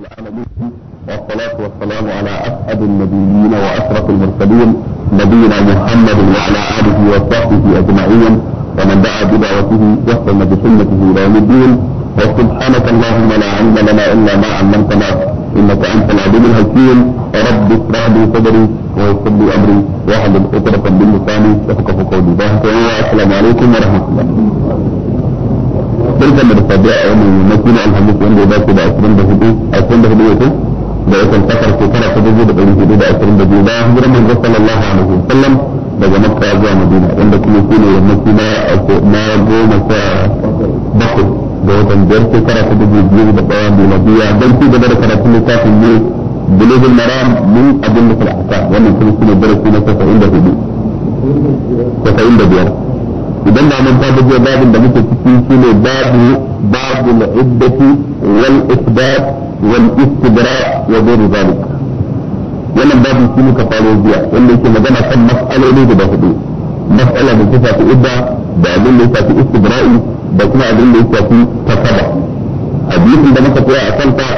العالمين والصلاة والسلام على أسعد النبيين وأشرف المرسلين نبينا محمد وعلى آله وصحبه أجمعين ومن دعا بدعوته واهتم بسنته إلى يوم الدين وسبحانك اللهم لا علم لنا إلا ما علمتنا إنك أنت العليم الحكيم رب اشرح لي صدري ويسر لي أمري واحلل عقدة من لساني يفقه قولي السلام عليكم ورحمة الله tilkan da ta a wannan na alhamis wanda ya dace da 24 24 ne ko da ya kan kafar shekara ta dubu da ɗari hudu da ashirin da biyu bayan hijirar manzon sallallahu alaihi wasallam daga makka zuwa madina wanda kuma shi ne yammaci na goma sha bakwai da watan biyar shekara ta dubu biyu da ɗaya miladiya don ci gaba da karatun littafin ne بلوغ المرام من أدلة الأحكام ومن كل سنة درس سنة 94 idan ba mun tafi je babin da muke ciki shine babu babul iddati wal isbat wal istidra wa ghairu zalik wannan babin shi muka faro biya wanda yake magana kan mas'aloli guda hudu mas'ala da ta shafi idda da abin da ya shafi istibra'i da kuma abin da ya shafi takaba hadisin da muka koya a kanta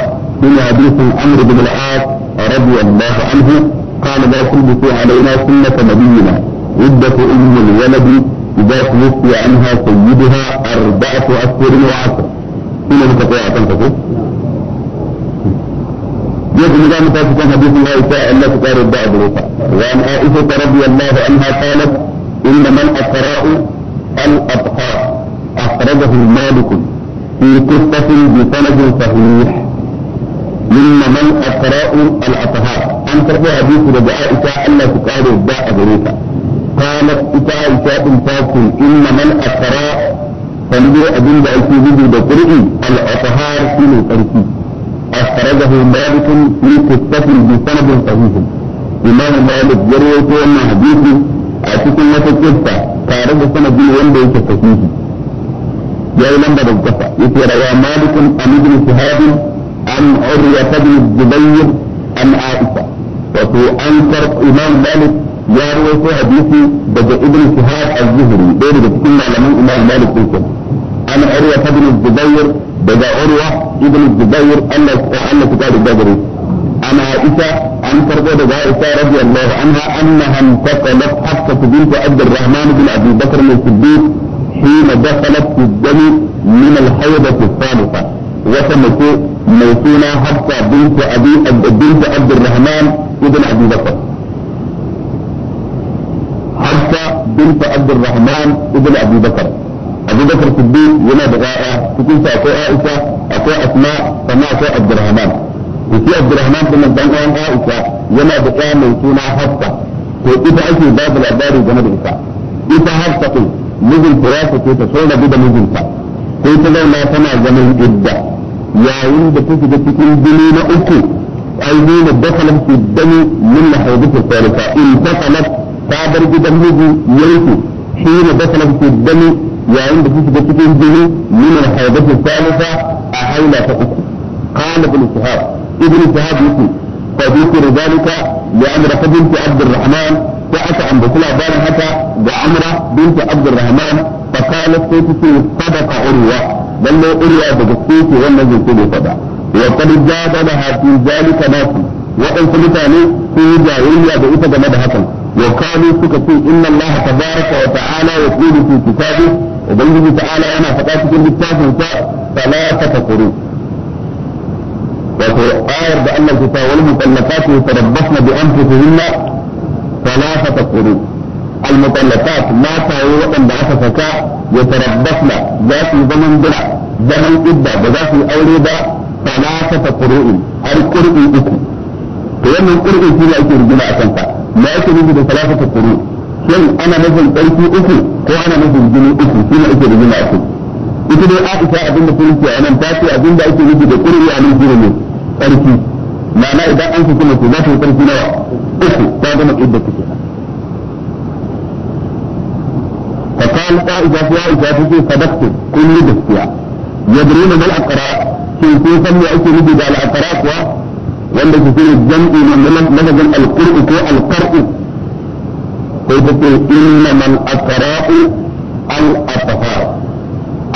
shine hadisin amr ibn al-as radiyallahu anhu قال لا تلبسوا علينا سنة نبينا عدة أم الولد إذا توفي عنها سيدها أربعة أشهر وعشرة هنا متقوى تنفقه يجب أن في حديث عائشة ألا تقارب بعض الوفاء وعن عائشة رضي الله عنها قالت إنما الأقراء الأبقاء أخرجه مالك في قصة بسند صحيح إنما الأقراء الأطهار أن تقول حديث لدعائشة ألا تقارب بعض الوفاء قالت إتعائشة الفاكل إنما الأقراء فلدي أبن بأيكي بدي بقرئي الأطهار في التركي أخرجه مالك في قصة بسند صحيح إمام مالك جريته أن حديثي أتكلم وتكفى تارد سند وين صحيح يا لم بالقصة يتروى مالك عن ابن شهاب عن عروة بن الزبير عن عائشة وفي أنكر إمام مالك يا رواية حديث بدا ابن شهاب الزهري بين بكل علماء امام مالك بن كم انا اروى ابن الزبير بدا اروى ابن الزبير الا الا كتاب الزبير انا عائشه عن فرقه بدا عائشه رضي الله عنها انها انتقلت حتى بنت عبد الرحمن بن ابي بكر الصديق حين دخلت في الدم من الحيضه السابقه وسمت موسومه حتى بنت ابي بنت عبد الرحمن ابن ابي بكر بنت عبد الرحمن ابن ابي بكر ابو بكر الصديق ولا بغاء تكون اكو عائشه اكو اسماء فما اكو عبد الرحمن وفي عبد الرحمن بن بن ام عائشه ولا بغاء موسومه حفصه وكيف اجي باب العباري وجنب ابي كيف اذا نزل فراسه كيف صور ابي نزل ابي كيف لو ما سمع زمن جده يا ولد كيف تكون دليل اي عايزين دخلت في الدم من حوضه الثالثه انتقلت ta gidan miji yanku shi ne dafalar ke dami yayin da ga cikin jini min al-haibati salisa a haila ta uku qala ibn shihab ibn shihab yake fa dhikru dhalika ya amra ta abd arrahman ta aka an labarin haka ga amra bint abdurrahman arrahman fa qalat sai tace sadaqa urwa lalle urwa da gaske ce wannan zance ne fada wa qad jadala fi dhalika nasu wa mutane sun yi jayayya da ita game da hakan الثاني سكتي إن الله تبارك وتعالى يقول في كتابه وبلغني تعالى أنا فقاتك بالكتاب فلا وفي آية بأن الكتاب والمطلقات يتربصن بأنفسهن فلا تفكروا المطلقات ما تعي أن بعث فكاء يتربصن ذات زمن درع زمن إبدا بذات الأوليبا فلا تكفروا القرء إثم. فيما القرء فيما إكو رجل أسنفا da ake nufi da salafatu kuru shin ana nufin ɗauki uku ko ana nufin jini uku shi ne ake rigima a ita dai Aisha abinda ta nufi a nan ta ce abinda ake nufi da kuru a nan shi ne ƙarfi ma'ana idan an saki mace za ta yi ƙarfi nawa uku ta gama idda take فقال قائد في عائشة في صدقت كل دفتيا يدرون ما الأقراء في كيف يأتي نجد على الأقراء wanda ke shine jam'i ne na lafazin alqur'u ko alqar'u ko ta ce inna man aqra'u al atfa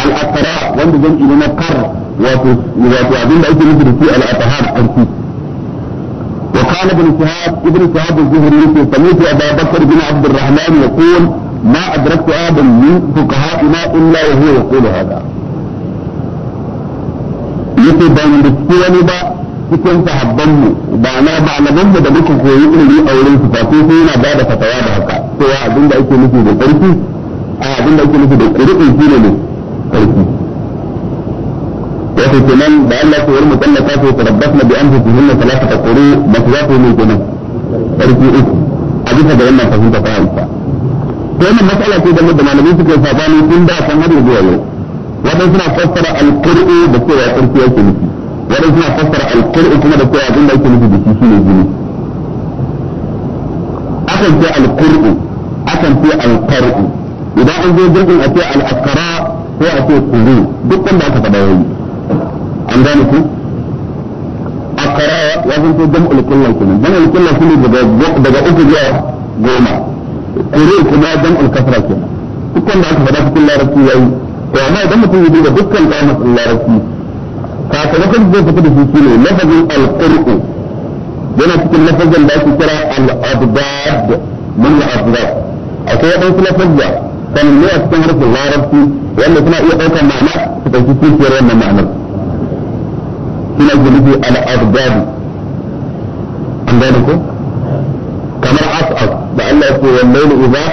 al aqra wanda jam'i ne na qar wato wato abin da ake nufi da shi al atahar arki وقال ابن شهاب ابن شهاب الزهري في سمعت ابا بكر بن عبد الرحمن يقول ما ادركت احدا من فقهائنا الا وهو يقول هذا. يقول بان بسكي ba. cikin sahabban mu ba na ba na mu da muka koyi ilimi a wurin su ba sai yana ba da fatawa da haka cewa abin da ake nufi da ƙarfi a abin da ake nufi da ƙuri'in shi ne ƙarfi wato kenan da Allah ko yarmu tallaka ko tarabbasna bi anfusihinna thalathata quru ba su za ku ne kenan ƙarfi uku a bisa da wannan fahimta ta haifa to wannan matsala ce da malamai suke yi sabani tun da kan har zuwa yau wadansu suna fassara al-qur'an da cewa suna fassara alqur'u kuma da cewa abin da ake nufi da shi shine jini akan ce akan ce idan an zo jirgin a ce al'askara ko a ce kuru duk wanda aka faɗa yayi an gane ku akara ya zanto jam'ul kullal kenan jam'ul kullal shine ne daga uku zuwa goma kuru kuma jam'ul kasra kenan duk wanda aka faɗa cikin larabci yayi to amma idan mutum ya duba dukkan kayan larabci sakamakon zai fita da shi ne lafazin alƙur'u yana cikin lafazin da ake kira al-abdad min al-abdad akwai lafazza a cikin harshen larabci wanda suna iya ɗaukar ma'ana su ɗauki wannan ma'anar suna al-abdad an gane ko kamar as'as da Allah ya ce wallahi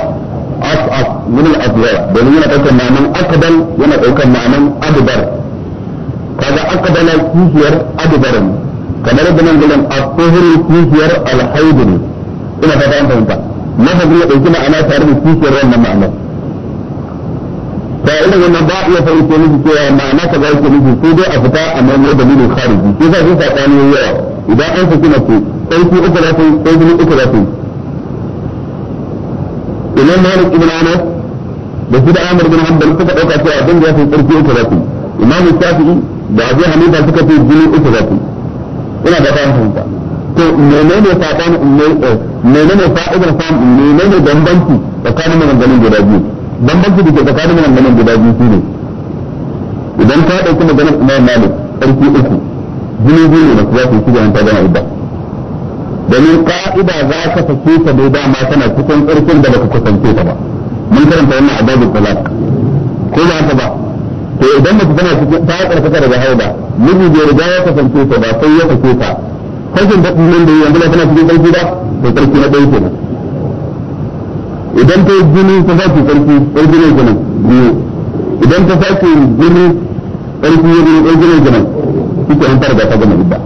as'as min al-abdad domin yana ɗaukar yana ɗaukar ma'anan abdar kaga akbala kishiyar adbara kamar da nan gudan asuhur kishiyar alhaid ne ina fata an fahimta lafazin ya dauki ma'ana tare da kishiyar wannan ma'anar ba irin wannan ba iya fa yake nufi cewa ma'ana ka ga yake nufi sai dai a fita a nan ne dalilin khariji sai ka sai sakani yawa idan an saki mace sai ki uku za ta yi sai ki uku za ta yi imam malik ibn anas da shi da amr bin hanbal suka dauka cewa dan ya sai sarki uku za ta yi imam shafi'i da abu hanifa suka fi jini uku za su ina da bayan hanta to menene ne eh, menene fa'idar fam menene bambanci tsakanin maganganun guda biyu bambanci da ke tsakanin maganganun guda biyu su ne idan ka dauki maganar Imam Malik ƙarfi uku jini biyu ne za su shiga hanta gana idda domin ka'ida za ka sake ta dai dama tana cikin ƙarfin da baka kusance ta ba mun karanta wannan a babu talak ko ba ta ba idan mace tana cikin ta karkata daga haida miji bai riga ya kasance ta ba sai ya kace ta kashin da nan da yanzu tana cikin sarki ba to sarki na dai kenan idan ta jini ta sake sarki sarki ne kenan biyu idan ta sake jini sarki ne biyu sarki ne kenan kike an farga ta gama ba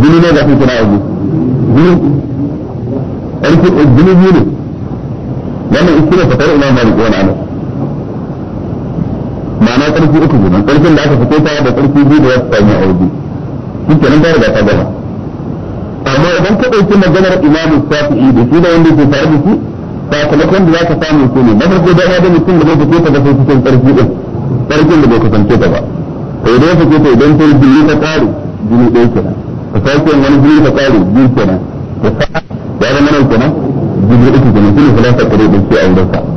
jini ne ga kike yanzu jini ne jini biyu ne wannan iskila fatar imam malik wani anas ma'ana karfi uku kenan karfin da aka fito ta da karfi biyu da wasu sami a waje shi kenan ta riga ta gama amma idan ka ɗauki maganar imamu shafi'i da shi da wanda ke tare da shi sakamakon da za ka samu su ne na farko da ya da mutum da bai fito ta ba sai cikin karfi ɗin karfin da bai kasance ta ba to idan ya fito ta idan ta yi jini ta ƙare jini ɗaya kenan ka sake wani jini ta ƙare biyu kenan ka sa ya zama nan kenan jini uku kenan shi ne kula ta ƙare da shi a wurinsa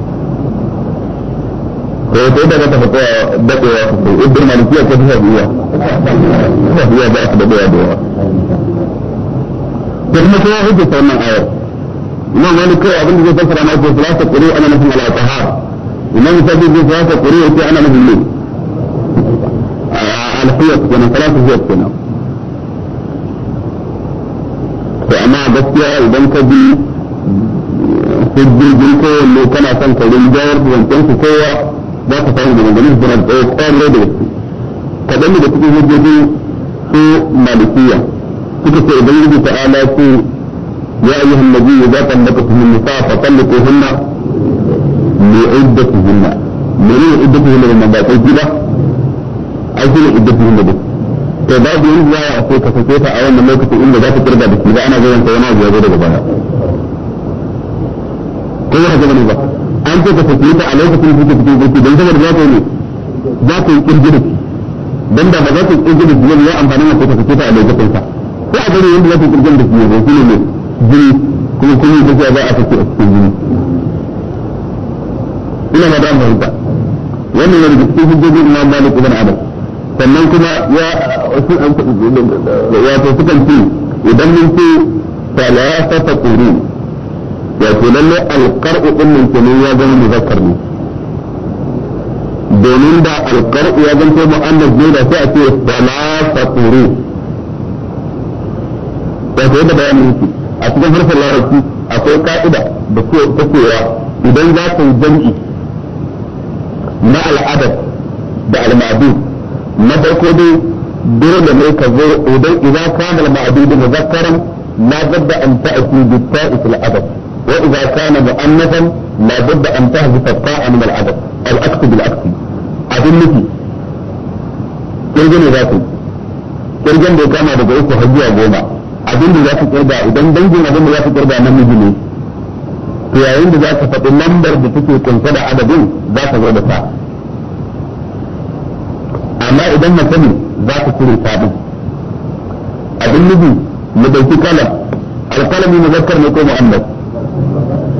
ويقول لك تفتوى بقوة ابن المالكية كيف هي هي بأحد بيادها كما كوا هجة من آية ما مالك أظن في تفسر أنا في ثلاثة قروء أنا مثل على طهارة إمام سبيل في ثلاثة قروء أنا مثل لي على خيط سنة ثلاثة خيط سنة فأما بسيا إذن كبير hujjojin kowanne kana son ka rinjayar da zancen su za ka samu daga ganin suna tsawon kwarai da gaske kaɗan daga cikin hujjoji su malikiya suka ce idan yi ta ala su ya ayi hannabi ya za ka maka su min nisa fa tallako hunna ne iddatu hunna mene ne iddatu hunna da ba kai gida ai shi ne iddatu hunna da to babu yin za a so ka sake ta a wannan lokacin inda za ka kirga da shi ba ana zuwan ta yana zuwa daga baya ko ya ga ne ba an ce ka sake ta a lokacin da cikin don za ka za ka yi da ba za ka yi da ya amfani ka sake ta a lokacin sa a gani yadda za ka yi da ne ne jini kuma kuma kake za a sake a cikin jini ina ma da an fahimta wannan yana da cikin hujjoji adam sannan kuma ya sukan ce idan mun ce ta la ta wato lalle alqar'u din nan kenan ya zama muzakkar ne domin da alqar'u ya zama mu'annas ne da sai a ce salafaquru wato yadda bayani yake a cikin harfin larabci akwai ka'ida da ke cewa idan za ka yi jam'i na al'adar da al'adu na farko dai dole ne ka zo idan idan kana al'adu da muzakkaran la budda an ta'ti bi ta'ti al'adad وإذا كان مؤنثا لا بد أن تهبط الطاعة من العدد الأكس بالأكس أدلتي kirgin da ku kirgin da ya kama daga uku har zuwa goma abin da za ku kirga idan dangin abin da za ku kirga namiji ne to yayin da za ka faɗi lambar da take kunsa da adadin za ka zo da amma idan mace ne za cire sabon abin mu dauki kalam alkalami muzakkar ne ko mu'annas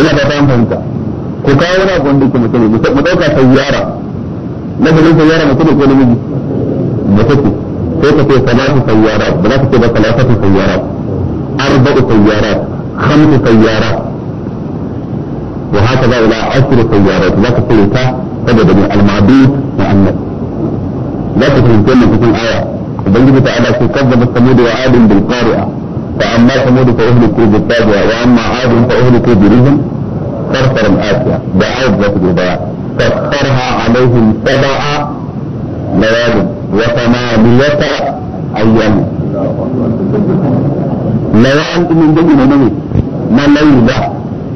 ina ba ta fahimta ku kawo wani abu wanda yake mutum mu dauka sayyara lafazin sayyara mutum ko namiji mutum sai ka ce salatu sayyara ba za ka ce ba salatu sayyara arba'u sayyara khamsu sayyara wa hakaza ila asru sayyarat za ka ce ta saboda ne al-ma'dud mu'annas za ka fahimci wannan cikin aya ubangiji ta ala ce kazzaba samud wa adin bil qari'a فأما ثمود فأهلكوا بالطاغية وأما عاد فأهلكوا برجم وقرصر الآسية بعوضة الإباء سخرها عليهم سبع ليال وثمانية أيام ليال من جمع نبي ما ليلة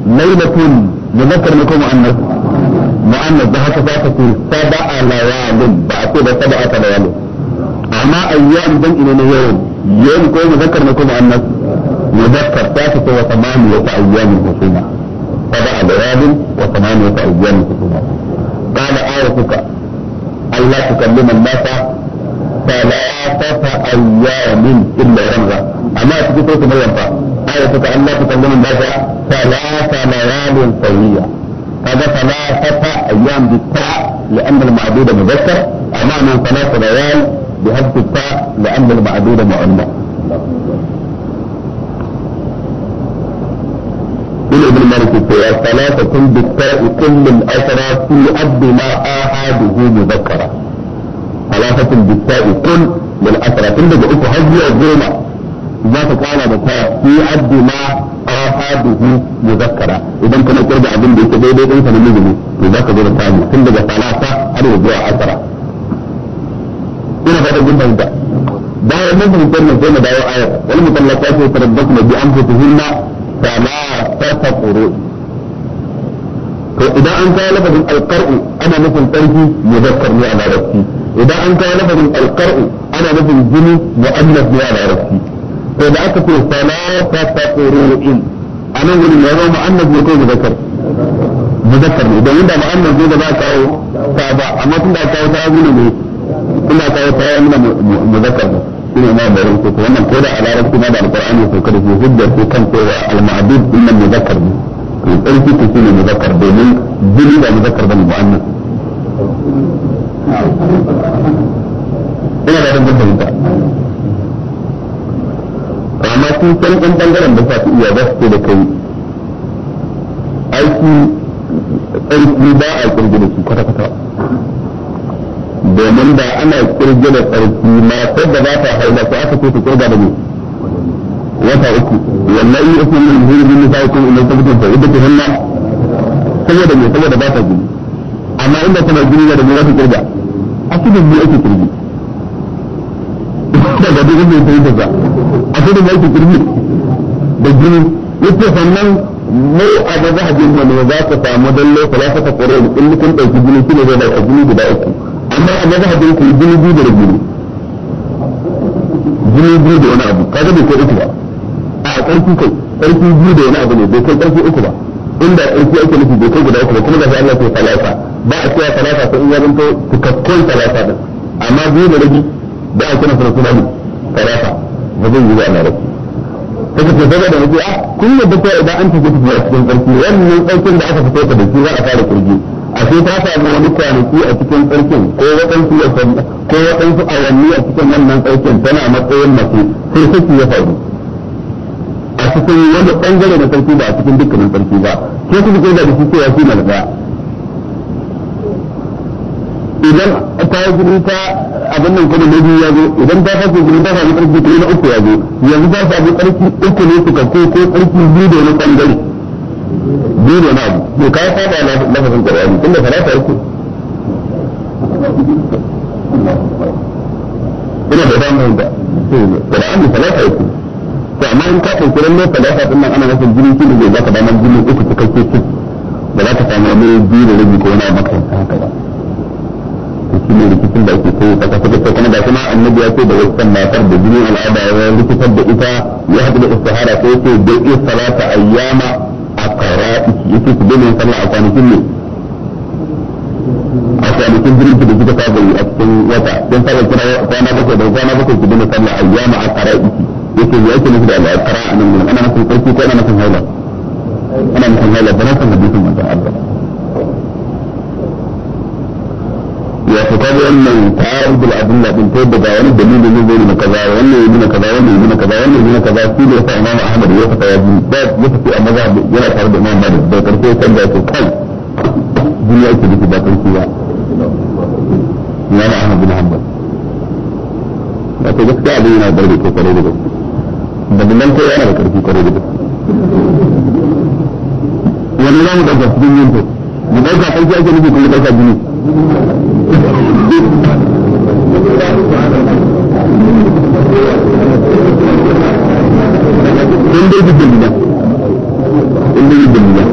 ليلة نذكر لكم مؤنث مؤنث بها كفاكة سبع ليال بعد سبعة ليال أما أيام جمع يوم يوم كل مذكر لكم مؤنث مذكر ثلاثة وثمانية أيام حسنة سبع ليال وثمانية أيام حسوما قال آيتك ألا تكلم الناس ثلاثة أيام إلا رمزا أما تكتبت مريم آيتك ألا تكلم الناس ثلاثة ليال سوية هذا ثلاثة أيام بالتاء لأن المعدود مذكر أمام ثلاثة ليال بهذه التاء لأن المعدود مؤنث ابن مالك يقول ثلاثة بالتاء كل الاثرى في عبد ما آحاده مذكرة ثلاثة بالتاء كل للأثر كل بقيت هذه الظلمة ذات تقال بتاء في عبد ما آحاده مذكرة إذا كما ترجع عبد بيت بيت بيت إنسان مجمي وذاك دور الثاني كل بقى ثلاثة أروا بقى أثرة هنا هذا جدا جدا bayan mun fahimtar nan sai mu dawo ayar wal mutallaqatu tarfa quru to idan an kawo lafazin ana nufin tsarki muzakkar ne a larabci idan an kawo lafazin alqar'u ana nufin jini mu'annas ne a larabci to da aka ce salata quru'in anan gurin ya zama mu'annas ne ko muzakkar muzakkar ne idan inda mu'annas ne da za a kawo ta ba amma tunda kawo shine ma da rubutu ko wannan ko da a larabci ma da alqur'ani ko kada shi hujjar ko kan cewa al-ma'dud inna ne to tsarki shine domin ba bane ina da rubutu fahimta amma san ɗan da sa su iya za su da kai aiki tsarki ba a kirgin su kwata-kwata domin ba ana kirge da tsarki ma da za ta haila ko aka ce ta kirga da ne wata uku wallahi uku min hirbin nisaikum ila tabtun fa idda da saboda me da ba ta gini amma inda tana gini da za ta kirga a cikin ne ake kirgi da ga duk inda yake da a cikin ne ake kirgi da gini yace sannan mu a da zahabin mu ne za ka samu dalle falsafa qur'an in kun dauki gini kine da gini guda uku kamar a mazhabin ku jini biyu da rabini jini biyu da wani abu kaga bai kai uku ba a ƙarfi kai ƙarfi biyu da wani abu ne bai kai ƙarfi uku ba inda ƙarfi ake nufi bai kai guda uku ba kuma da Allah ke talata ba a cewa talata sai in ya zanto cikakkun talata din amma biyu da rabi a kira suna ne talata ba zai yi ba na rabi ce daga da mutu a ah, kullum da kai idan an tafi tafiya cikin ƙarfi wannan ƙarfin da aka fito ka da shi za a fara kurji a sai ta samu wani kwanaki a cikin tsarkin ko waɗansu ya ko waɗansu awanni a cikin wannan tsarkin tana matsayin mace sai saki ya faru a cikin wani ɓangare na tsarki ba a cikin dukkanin tsarki ba ko kuma kai da da shi cewa shi malaka idan ta yi gurin ta abin nan kuma na biyu ya zo idan ta fashe gurin ta samu tsarki yi na uku ya zo yanzu ta samu tsarki uku ne suka ko ko tsarki biyu da wani ɓangare dole na abu to ka saba lafazin qur'ani tunda salata yake ina da damu da qur'ani salata yake to amma in ka ɗauki ran ne salata din nan ana nufin jini kin da zaka dama jini uku cikakke kin da za ka samu amurin biyu da rabi ko wani makaranta haka ba shi ne rikicin da ake ta kasa kuma da kuma annabi ya ce da wasan matar da jinin al'ada ya rikitar da ita ya haɗu da istihara ko ce da iya salata ayyama القرائي يكي سبيل يصلى أقوان كله أقوان كل جريد في ذلك قابل أكتن وطا دين صلى أقوان بكي دين صلى بكي سبيل يصلى أيام القرائي يكي يأتي نفد على القراء أنا مثل قيسي كأنا مثل هيلا أنا مثل هيلا بنا سنبيكم أنت أبدا واعتقاد ان تعارض الادله بالكتب بيان دليل من بين كذا وان من كذا وان من كذا وان من كذا في رفع امام احمد يوسف قيادي باب يفتي المذهب يرى فرد امام مالك بل كرسي كان بيت الحي دنيا اكتبت باكر فيها نعم احمد بن حنبل لا تجد علينا ضرب في قريبه بس بدل ما انت انا بكر في قريبه بس ونظام تصميم mu dauka sarki ake nufi kuma dauka jini in dai gidan gida in dai gidan gida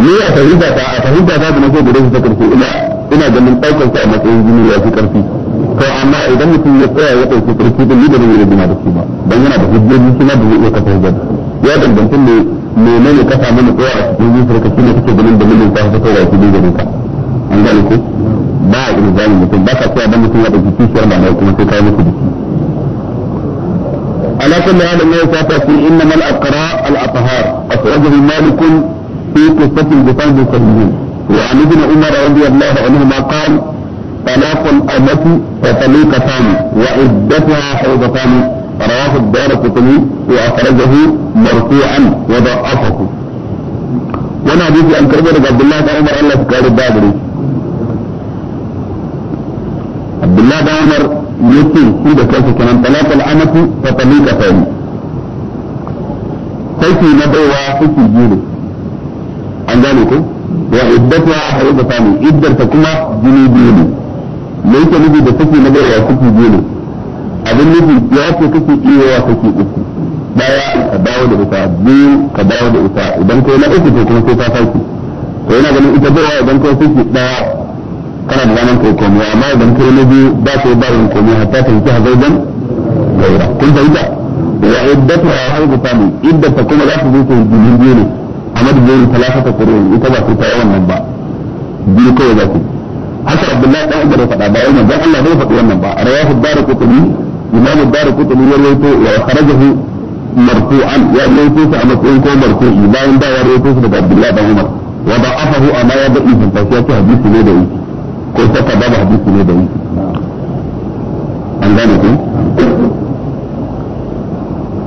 ni a fahimta ta a fahimta ta da nake gare shi ta karfi ina ina ganin daukar sa a matsayin jini ya fi karfi to amma idan mutum ya tsaya ya ɗauki ƙarfi da ni da zai iya gina da shi ba dan yana da hujjoji shi ma da zai iya kafa hujja ya danganta ne menene ka samu na tsaya a cikin zuciyar ka shine kake ganin da mijin ka ta kai wa kudi gare ka an gane ko ba a irin zalim mutum ba ka tsaya dan mutum ya ɗauki kishiyar ba kuma sai ka musu biki على كل هذا ما يتعطى في انما الاقراء الاطهار اخرجه مالك في قصه البطان الصليبين وعن ابن عمر رضي الله عنهما قال طلاق الأمة وطليقتان وعدتها حيضتان رواه الدار قطني وأخرجه مرفوعا وضعفه وانا حديث أن كربة عبد الله بن عمر الله سكار الدابري عبد الله بن عمر يكي سيدة كيف كمان طلاق الأمة وطليقتان سيكي نبوة سيكي جيري عن ذلك وعدتها حيضتان عدتها كما جنوبيني mai yake nufi da saki na baiwa saki biyu ne abin nufi ya ce kake iya wa saki uku daya ka dawo da ita biyu ka dawo da ita idan kai na uku to kuma sai ta sauki to yana ganin ita baiwa idan kai saki daya kana da ranar kai komai amma idan kai na biyu ba ka yi barin komai hatta ta yi hazardan gaira kun fahimta wa iddatu a harbu samu iddata kuma za ta zo ta biyu ne a madadin talata ta kuro ita ba sai ta yawan nan ba biyu kawai za ta yi حسن عبد الله ده اقدر يفقد ده علم ده الله بيفقد علم ده رواه الدار كتبي إمام الدار كتبي يرويته وخرجه مرفوعا يعني يرويته فعمل كونكو مرفوع يباين ده يرويته سبب عبد الله ده عمر وضعفه أما يبقى إذن فسيأتي حديث ليه ده كل فتا باب حديث ليه ده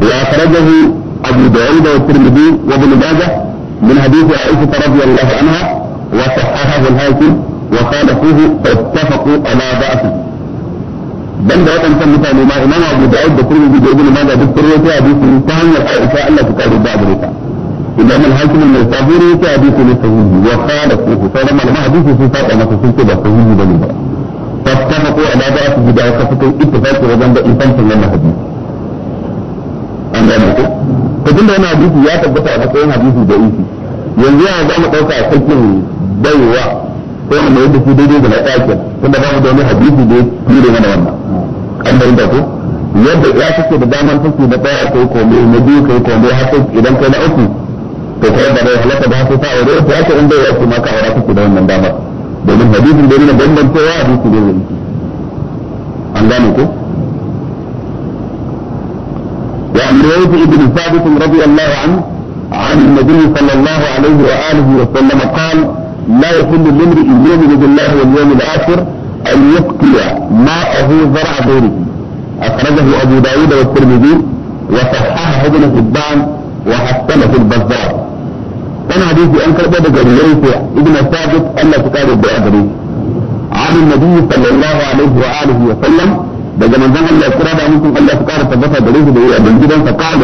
وخرجه أبو داود والترمذي وابن باجه من حديث عائشة رضي الله عنها وصححه الهاشم وخالفوه فاتفقوا على ضعفه بل ده وطن كان مثال ما إمام أبو داود بكر بن ابن ماجه بكر يتي حديث كان عائشة ألا تقال بعد ريتا إمام الحاكم المرتابور يتي حديث لسهوه وخالفوه فلما لما حديث في ساعة ما تسلت بسهوه بن فاتفقوا على ضعفه ده وكفتوا اتفاق وجنب إنسان في لما حديث an gane ko to tunda wannan hadisi ya tabbata a matsayin hadisi da isi yanzu ya za mu dauka sakin baiwa sai mu yadda su daidai da na ɗaki tunda ba mu da wani hadisi da ya ture mana wannan an da inda yadda ya kake da daman take da ɗaya kai na biyu kai komai har sai idan kai na uku to kai da halaka ba sai ta aure ta haka inda ya ce maka aure kake da wannan damar domin hadisin da yana bambancewa hadisi da yake an gane ko وعن رويد بن ثابت رضي الله عنه عن النبي صلى الله عليه وآله وسلم قال لا يكون للمرء يؤمن بالله واليوم الاخر ان يبقي ما هو زرع دينه اخرجه ابو داود والترمذي وصححه ابن حبان وحسنه في البزار كان حديث ان كتب بجريته ابن ثابت الا تكاد بأدري عن النبي صلى الله عليه واله وسلم بجمع زمن الاقتراب منكم الا تكاد تبقى بريده بن جدا فقال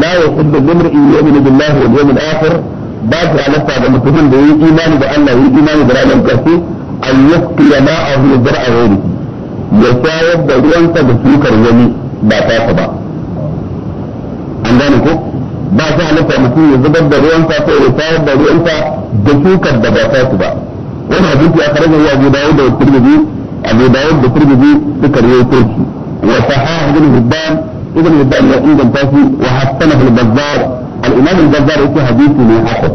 لا يحب ان يؤمن بالله واليوم الاخر ba su halatta ga mutumin da yi imani da Allah yi imani da ranar ƙarshe an yafki ya ma a hulun zara a wani ya shayar da ruwansa da shukar wani ba tasa ba an gane ko ba su halatta mutum ya zubar da ruwansa ko ya shayar da ruwansa da shukar da ba tasa ba wani hadisi a karagar ya abu dawo da turbizi abu dawo da turbizi suka riyo turki wa sahaha ibn hibban ibn hibban ya inganta shi wa hassanahu al-bazzar al-imam al-bazzar hadisi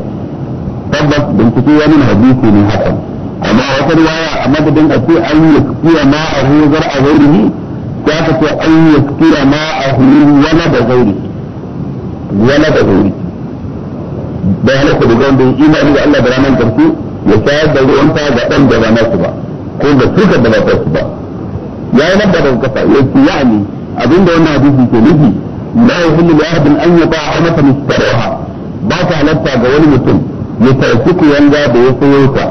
tabbas bincike ya nuna ne hasan amma wata a madadin a ce an yi kiya ma ya ka da gairi wala da da da Allah da ranar karfi ya shayar da ga da ba nasu ba ko ga da ba su ba ya yi da ya ce abinda wannan hadisi ke nufi لا يهم لأحد أن يضع حنفا اشتراها على لتا جوال مثل يتأسك ينجا بيسيوتا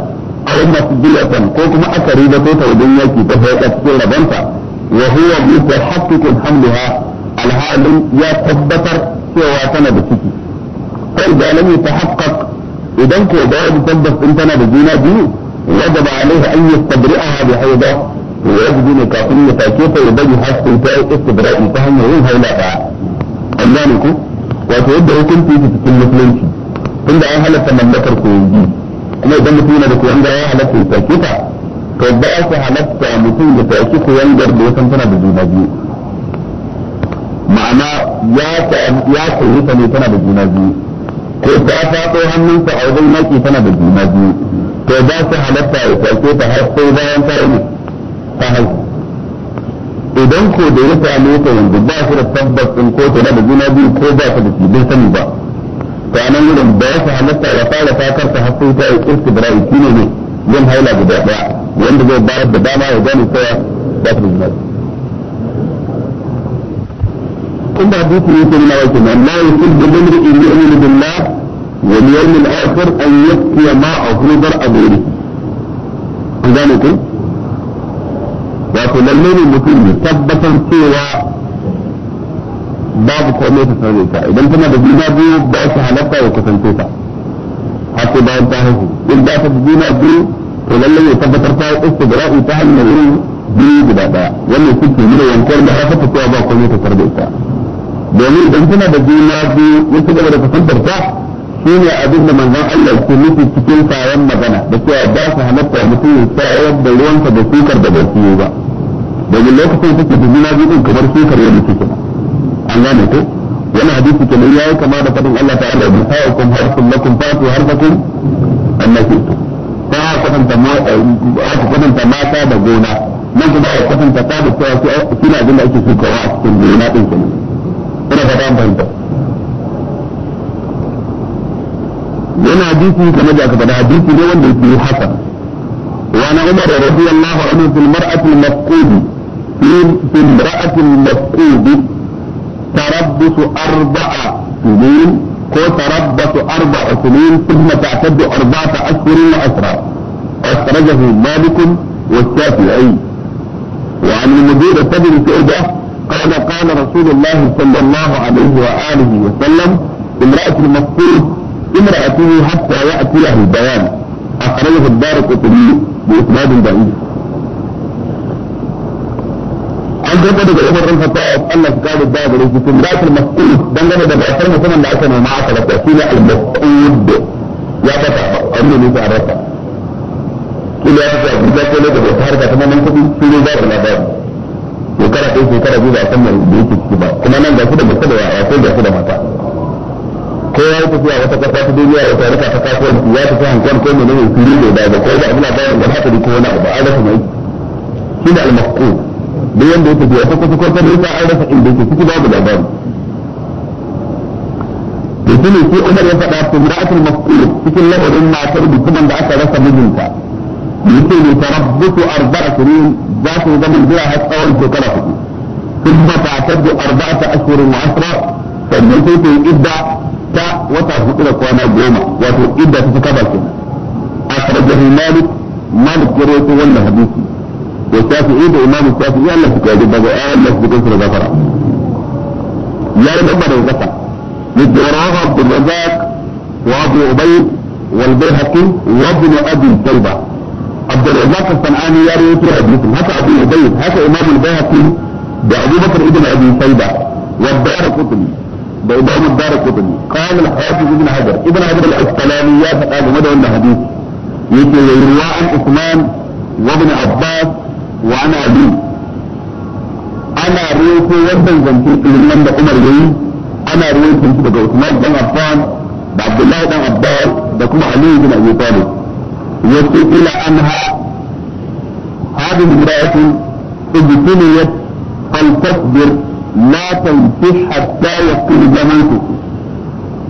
أو مسجلة كوكما أكريدة توجنيا كي تفاك تكون بنتا وهو متحقق حملها الحال يا تبتر سوى سنة بسكي فإذا لم يتحقق إذا كو بعد تبت انتنا بزينا دي وجب عليه أن يستبرئها بحيضة ويجب أن كافر يتاكيفه يبدي حسن تاي استبرائي فهم هؤلاء an gane ko wato yadda hukunci yake cikin musulunci tunda an halatta mallakar koyi idan mutum yana da koyon da ya halatta ya ta to ba a su halatta mutum ya sake koyon da ya san tana da juna biyu ma'ana ya ta ne tana da juna biyu ko ta hannunsa a wajen maki tana da juna biyu to ba su halatta ya ta har sai bayan ta ta idan ko da ya same ta yanzu ba shi da tabbas in ko tana da juna biyu ko ba ta da shi bai sani ba to a nan wurin ba ya fi halatta ya fara takar ta har sai ta yi istibra'i shi ne ne zan haila guda ɗaya wanda zai bayar da dama ya gani cewa ba ta da juna inda hadisi ne ke nuna wa kenan la yusiddu limri'in wani billah wal yawmil akhir an yafkiya ma'a a aburi an gane ku wato lalle ne mutum ne tabbatar cewa babu komai ta sarrafa ta idan tana da juna biyu ba su halatta ya kusance ta har sai bayan ta haihu in ba ta juna biyu to lalle ne tabbatar ta yi istibra'i ta hanyar yin biyu guda daya wannan shi ke nuna yankuwar da haka ta cewa ba komai ta sarrafa ta domin idan tana da juna biyu ya ci gaba da kusantar ta shi ne abin da manzon Allah ke nufi cikin kayan magana da cewa ba su halatta mutum ya sa yadda ruwansa da sukar da bai ba. domin lokacin saki da juna biyu kamar sukar yadda take an gane ko wannan hadisi kenan ya yi kama da fadin Allah ta'ala bi sa'ikum harfun lakum fatu harfakum annaki eh, ta kwatanta aka kwatanta mata da gona nan kuma aka kwatanta ta da cewa shi eh, ne abin da ake shukawa a cikin gona din kenan ina fata an fahimta yana hadisi kamar da aka faɗa hadisi ne wanda yake haka وعن عمر رضي الله عنه في المرأة المفقود المسلم في امرأة المفقود تربص أربع سنين كو تربص أربع سنين ثم تعتد أربعة أشهر وأسرى أخرجه مالك والشافعي وعن المدير بن شعبة قال قال رسول الله صلى الله عليه وآله وسلم امرأة المفقود امرأته حتى يأتيه البيان أخرجه الدار قطبي بإسناد ضعيف an karɓo daga Umar ɗan Khattab Allah ya kare da gare shi tun rasul dangane da ba'asar musamman da aka nema aka rasa shine al-mas'ud ya fata an ne a rasa kila ya fata da ko da har ka tana nan kudi shi ne na labari shekara ɗaya shekara biyu ba a san da yake ciki ba kuma nan ga shi da mace da ya ko ga shi da mata ko ya yi tafiya wata kasa ta duniya wata rika ta kasuwanci ya tafi hankali ko menene fili da ba ko ba abin da ba da haka ko wani abu rasa mai shi ne al-mas'ud da yanda ya tafi ya ta kusa kwarta da ita an rasa inda yake ciki babu labari da shi ne shi umar ya faɗa fi ra'atul mas'ul cikin lamarin matar mutumin da aka rasa mijinta yake ne tarabbutu arba'a shirin za su zama jira har tsawon shekara hudu ثم arbaata أربعة أشهر وعشرة sannan sai ta yi idda ta wata hudu da kwana goma wato idda ta fi kaba kenan a karbar malik malik ya rawaito wannan hadisi والشافعي ده إمام الشافعي قال لك كده بقى قال لك بكثرة ذكرى يا رب أما لو ذكر مثل عبد الرزاق وابو عبيد والبرهقي وابن أبي الكلبة عبد الرزاق الصنعاني يا رب يترى هكا أبي عبيد هكا إمام البيهقي بأبو بكر ابن أبي شيبة والدار قطني بإمام الدار قطني قال الحافظ ابن حجر ابن حجر العسقلاني يا فقال حديث الحديث يروى عن عثمان وابن عباس وانا أبي أنا رويت وردن اللي لمن عمر يي أنا ريوكو زنتي بقى عثمان بن عفان عبد الله بن عباس بكم علي بن أبي طالب يقول إلى أنها هذه امرأة ابتليت فلتصبر لا تنفح حتى يقتل زمانك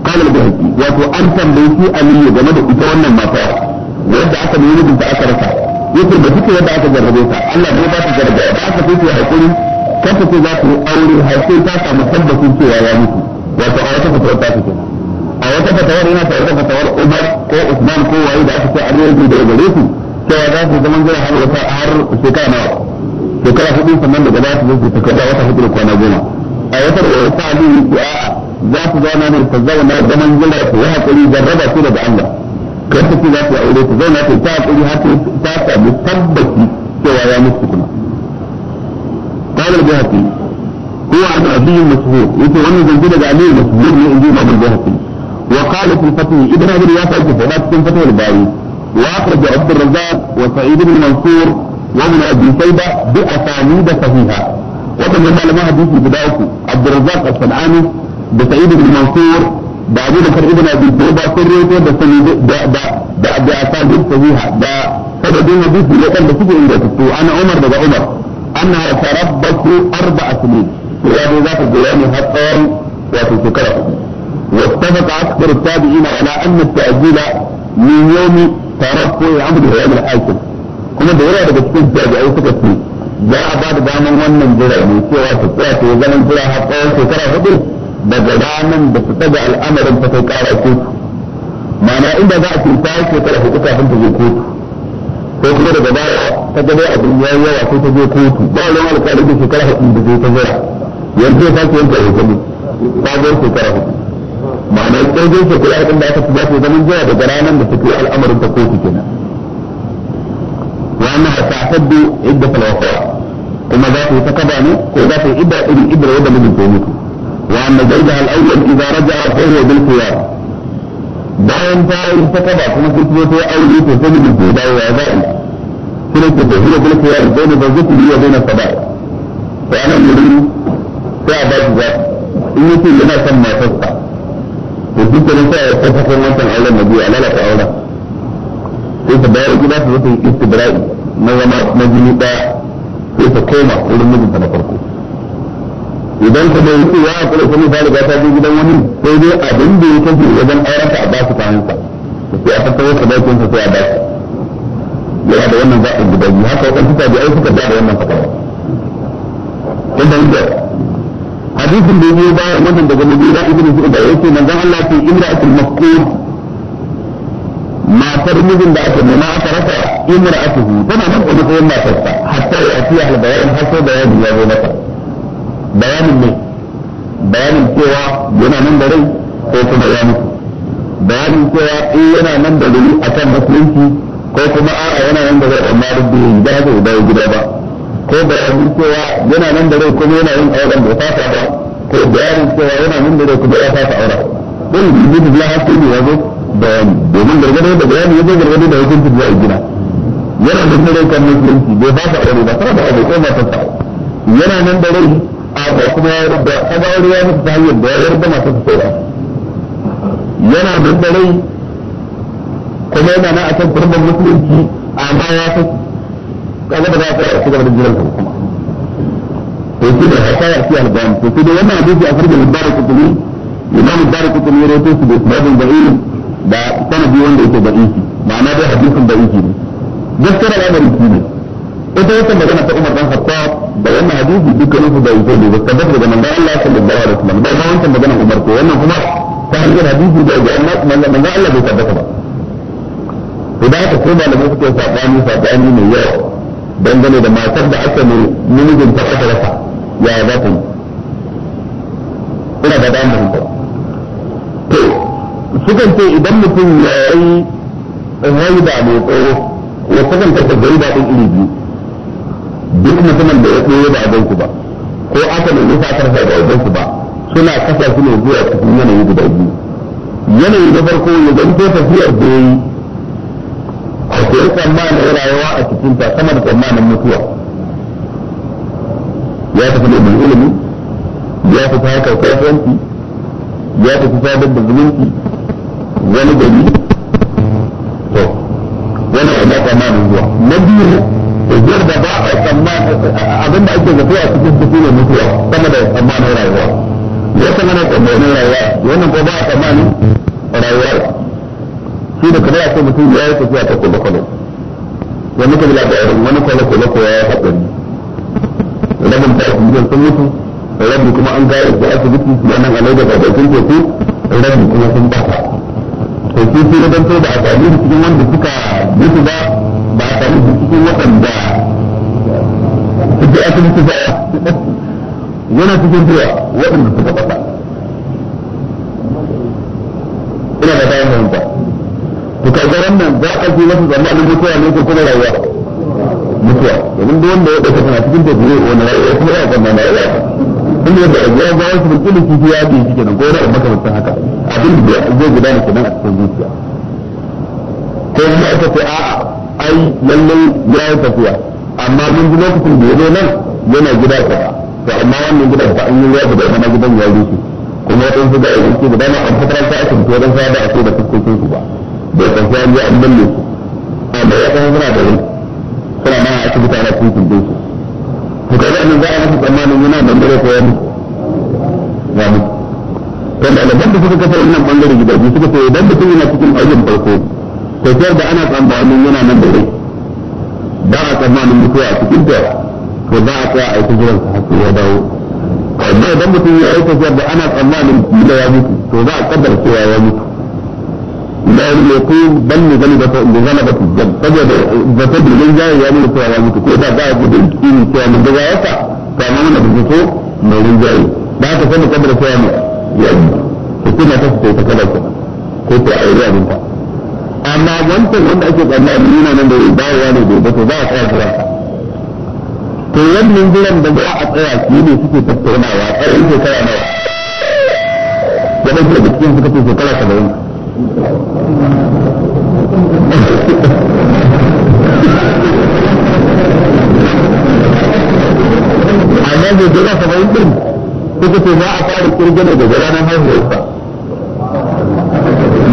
قال البهجي وأنت بيتي أمية جمد إتوانا ما فعل ورد عسى بيولد انت أكرتها yake da suke yadda aka jarrabe ta Allah bai ba ta jarrabe ba aka fi ya hakuri kan ta ce za ku aure har sai ta samu tabbacin cewa ya mutu wato a wata fatawar ta take a wata fatawar yana ta wata fatawar Umar ko Usman ko waye da aka ce an yi da gare su cewa za su zama jira har wata har shekara nawa shekara hudu sannan daga za su zo su kada wata hudu kwana goma a wata ta Ali ya za su zauna ne ta zauna zaman jira su yi hakuri jarraba su daga Allah kai take za ta aure ta zauna ta ta kuri har ta samu tabbaci cewa ya mutu kuma قال البهقي هو عن أبي مسعود يقول أن زوجي لك أبي مسعود من أبي أبو البهقي وقال في الفتح ابن أبي الياس أي كفرات في فتح الباري وأخرج عبد الرزاق وسعيد بن منصور وابن أبي شيبة بأسانيد صحيحة وكما قال ما حديث بدايته عبد الرزاق الصنعاني بسعيد بن منصور da abu da karbi da nabi ko ba sun rawaito da sani da da da da asabi sahiha da sababin hadisi ne kan da suke inda su ana Umar daga Umar anna tarabbasu arba'a sinin ya dai za ta jira ne har tsawon wato shekara واتفق أكثر التابعين على أن التأجيل من يوم تربه عمرو بن الحاكم kuma da yawa daga cikin jami'ai suka ce za a ba da daman wannan jira ne cewa ta tsaya ta zama jira har tsawon shekara hudu daga ranar da su daga al'amarin ta kai kara kotu ma'ana inda za a ce ta yi shekara hudu kafin ta je kotu ko kuma daga baya ta gaba a duniya yawa sai ta je kotu ba wani alƙalin da shekara hudu da zai ta zara yanzu ya sake yanka hukumi sabuwar shekara hudu ma'ana sai dai shekara hudun da aka fi za ta zama jira daga ranar da ta kai al'amarin ta kotu kenan وأنها تعتد عدة الوفاة وما ذات تقدم وذات عدة إلى عدة من الجنود وأن زيدها الأيمن إذا رجع فهو بالقيام. باين فهو ارتكب كما قلت له أو يوسف فهو بالقيام وهو عذاب. كما قلت له هو بالقيام بين الظهر هي بين الصباح. فأنا أريد كعبة ذات إن يكون لنا سمى فسقة. وكنت نساء يتفق الناس على النبي على لك أولا. كيف بارك الله في الاستبراء نظمات مجلسة كيف كومة ولم يكن تنفرقوا. idan ka da yake ya kula kuma ba da ta je gidan wani sai dai abin da ya kace wajen auren ka a ba su kayan sa sai a tattauna ka bakin sa sai a ba su yana da wannan zaɓin guda biyu haka wakan suka bi ai suka ba da wannan fatawa kun da yadda hadisin da ya ba wannan daga da ibnu da yake manzon Allah ce imra'atul maqud matar mijin da aka nema aka rasa imra'atuhu tana nan kuma sai matarsa hatta ya fiya al-bayan har sai bayani ya zo mata bayanin ne bayanin cewa yana nan da rai ko kuma ya mutu bayanin cewa in eh, yana nan da rai a kan musulunci ko kuma a'a yana nan da rai amma duk da yi ba zai dawo gida ba ko bayanin cewa yana nan da rai kuma yana yin auren da fata ba ko bayanin cewa yana nan da rai kuma ya fata aura don yi da ya haske ne yazo bayani domin gargada da bayani yazo gargada da hukunci da ya gina yana nan da rai kan musulunci bai fata aure ba tana da aure ko ba ta yana nan da rai da kuma ya rubuta kaga wani ya ta hanyar da ya rubuta masu tsora yana bambarai kuma yana na akan turban musulunci amma ya fi kaga ba za a tsaya a cigaba da jiran kuma to shi da haka ya fi albani to shi da wannan hadisi a farkon mubarak kutumi imam mubarak kutumi ya rawaito shi da isnadin da'ili da sanadi wanda yake da'isi ma'ana dai hadisin da'isi ne gaskiya da shi ne ita wata magana ta Umar dan Khattab da wannan hadisi dukkan su da yake da kabar da manzo Allah sallallahu alaihi wasallam da ba wannan magana Umar ko wannan kuma ta hanyar hadisi da ga Allah manzo Allah bai tabbata ba to da aka koma da suke sabani sabani ne yawa dangane da matar da aka ne namijin ta aka rasa ya za ta yi ina da damar ta to sukan ce idan mutum ya yi haida mai tsoro wasu kan ta gari daɗin iri biyu duk mutumin da ya koyo da abin ku ba ko aka da ya aka rasa da abin ku ba suna kasa su ne zuwa cikin yanayi guda biyu yanayi na farko ya zanto tafiyar da a akwai tsammanin rayuwa a cikin ta sama da tsammanin mutuwa ya tafi da ilimi ya tafi haka kasuwanci ya tafi sadar da zumunci wani gari to wani abu tsammanin zuwa na biyu igiyar da ba a tsammani abinda ake zato a cikin su ne mutuwa sama da tsammanin rayuwa ya sama na rayuwa wannan ko ba a ne rayuwa shi da kamar yasa mutum ya yi tafiya ta kwalo-kwalo wani kabila da yaron wani kwalo-kwalo ko ya yi haɗari rabin ta asibitin sun mutu rabi kuma an gaya da asibiti su nan alai da bakin teku rabi kuma sun bata to shi shi da a sami cikin wanda suka mutu ba ba ta yi cikin waɗanda suke asibiti ba yana cikin cewa waɗanda suka faɗa ina da bayan mahimta to kaga wannan za a ce wasu zamanin mutuwa ne ko kuma rayuwa mutuwa domin duk wanda ya ɗauka tana cikin tafiye wani rayuwa kuma ya zama na rayuwa kuma yadda a jiya su kifi ya bi shi kenan ko wani makamantan haka abin da zai gudana kenan a cikin zuciya ko kuma aka ce a'a ai lallai ya yi tafiya amma mun ji lokacin da ya zo nan yana gida kaza to amma wannan gida ba an yi ya da kuma gidan ya rushe kuma ya su da ya da dama an fitar ta aka fito dan sada a ce da fuskokin su ba da tafiya ya an balle su amma ya kan suna da suna ma a asibiti ana tutun din su to kaga annan za a masa tsammanin yana bangare ko ya mutu ya mutu to da da suka kasar wannan bangare gidaje suka ce idan mutum yana cikin ajin farko tafiyar da ana tsammanin yana nan da rai ba a tsammanin mutuwa a cikin ta to ba a tsaya a aiki tafiyar sa har ya dawo amma idan mutum ya yi tafiyar da ana tsammanin kila ya mutu to za a kaddara cewa ya mutu da ya ko ban ne zani da zana da tijjan saboda da eh, ta bilin jaya ya nuna cewa ya mutu ko da ba a gudu ilimi cewa mun daga yasa ta amma mana bin so mai rinjaye da aka sani kaddara cewa ne ya mutu ko kuma ta fita ta kaddara ko ta a yi abinta amma wancan wanda ake tsanna a duniya nan da dawowa ne gobe to za a tsaya jira to wannan jiran da za a tsaya shi ne suke tattaunawa a ƙarfin shekara nawa waɗansu daga cikin suka ce shekara saba'in amma bai saba'in din suka ce za a fara kirgin daga ranar haihuwarsa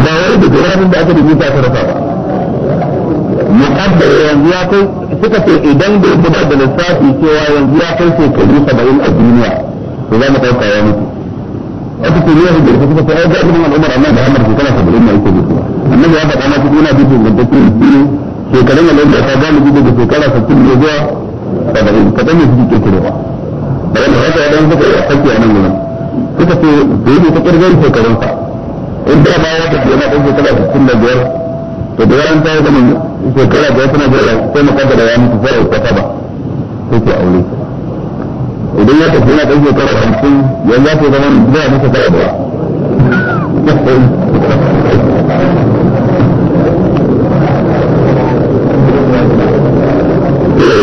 ba wai da jawabin da aka rubuta ta rasa ba muqaddar yanzu ya kai suka ce idan da yadda da lissafi cewa yanzu ya kai shekaru saba'in a duniya to za mu ɗauka ya mutu wata ce ne ya suka ce ai ga ibn al'umar annabi Muhammad shekara saba'in na yake ta annabi ya faɗa mata yana bi dangantakin addini shekarun al'umma ta bi daga shekara sittin ne zuwa saba'in kaɗan ne suke kirkirowa da wanda haka ya ɗan suka yi a sakki nan gudan suka ce da yadda ta kirgar shekarunsa in da ba wata tafi yana ɗan shekara sittin da biyar to da yaran ta zama shekara da wasu na jira sai mu da ya mutu fara ta saba sai ke aure idan ya tafi yana ɗan shekara hamsin yanzu za ta zama zuwa masa kara da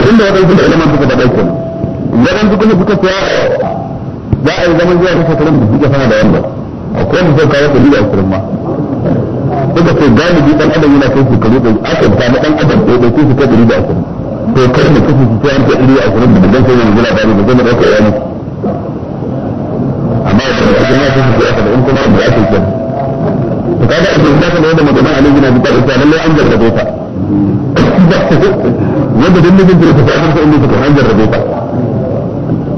inda waɗansu da ilimin suka faɗa kenan waɗansu kuma suka fiya za a yi zaman zuwa ta shekarun da suke sama da wanda akwai wanda ka kawo ɗari da ashirin ma suka ce galibi ɗan adam yana kai shekaru ɗari ta samu ɗan adam ɗaya su kai ɗari da ashirin to kar mu kashe su sai kai ɗari da ashirin da dan sai mu gina mu zama ɗauka da kuma ya da in kuma da yi to kaga a cikin zaka da wanda magana a lejina bi ta isa lallai an jarrabe ta wanda dan nufin da ta fara ta inda ta da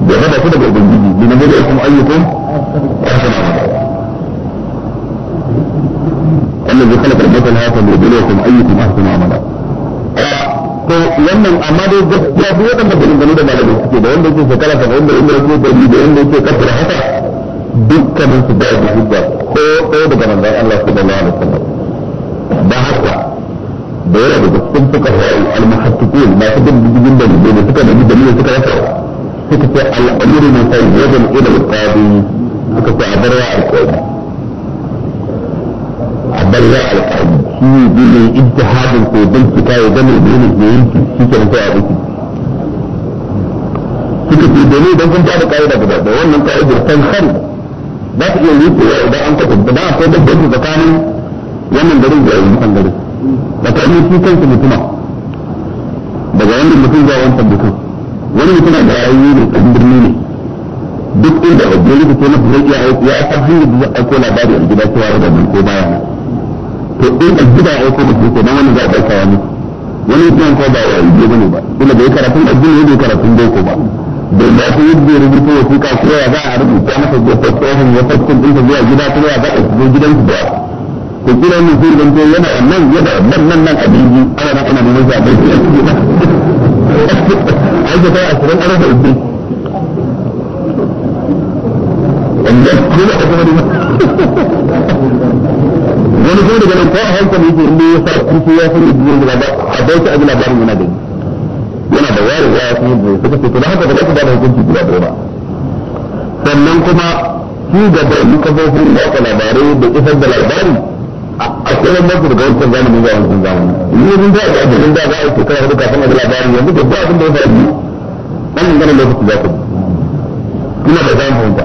da daga ubangiji bi na gode kuma الذي خلق البشر هذا يبلوكم ايكم احسن عملا to wannan amma dai gaskiya duk wanda da dangane da suke da wanda yake shekara ta wanda umar ko da da wanda yake haka dukkanin su da hujja ko ko daga Allah sallallahu alaihi wasallam ba haka da suka al ma su da ne suka dalilin suka suka ce al-amru min ila al-qadi suka ce a barwa al-qadi karya shi ne gudun ijtihadin bincika ya gane da yin da yin shi ke rufe a biki suka ce domin idan kun tada ƙa'ida da wannan ƙa'idar kan har ba ta iya rufewa idan an taɓa ba akwai dabbanci tsakanin wannan garin da yayin kan garin tsakanin shi kansa mutuma daga wanda mutum zuwa wancan mutum wani mutum da ra'ayi ne kan birni ne duk inda wajen rubuta na zai iya aiki ya a hanyar da zai aiko labari a gida cewa ko baya to in da gida ya aiko mutum ko dan wannan za a dauka wani mutum ko ba ya yi bane ba kuma bai karatun addini ne bai karatun boko ba da ba ku yi da rubuta wasu ka ko ya za a rubuta masa da tsohon ya fakkun din ta zuwa gida kuma ya za a zo gidan ku ba ko kira mun sai dan to yana nan yana nan nan nan abinci ana nan ana neman zabe ai da ta asirin arafa ibbi wanda kuma da kuma wani kuma daga nan ko a hankali yake inda ya sa kusa ya fi rubutu da ba a bauta abin labarin yana da yi yana da wayar ya fi rubutu suka ce to da haka da za ku ba da hukunci guda da ba sannan kuma shi gaba yi kafofin da aka labarai da isar da labari a kiran masu daga kan zamanin zuwa wancan zamani yi sun da aka ajiyar da za a yi shekara hudu kafin a labari yanzu da ba abin da ya fara yi wannan ganin lokaci za ku yi ina da zama fahimta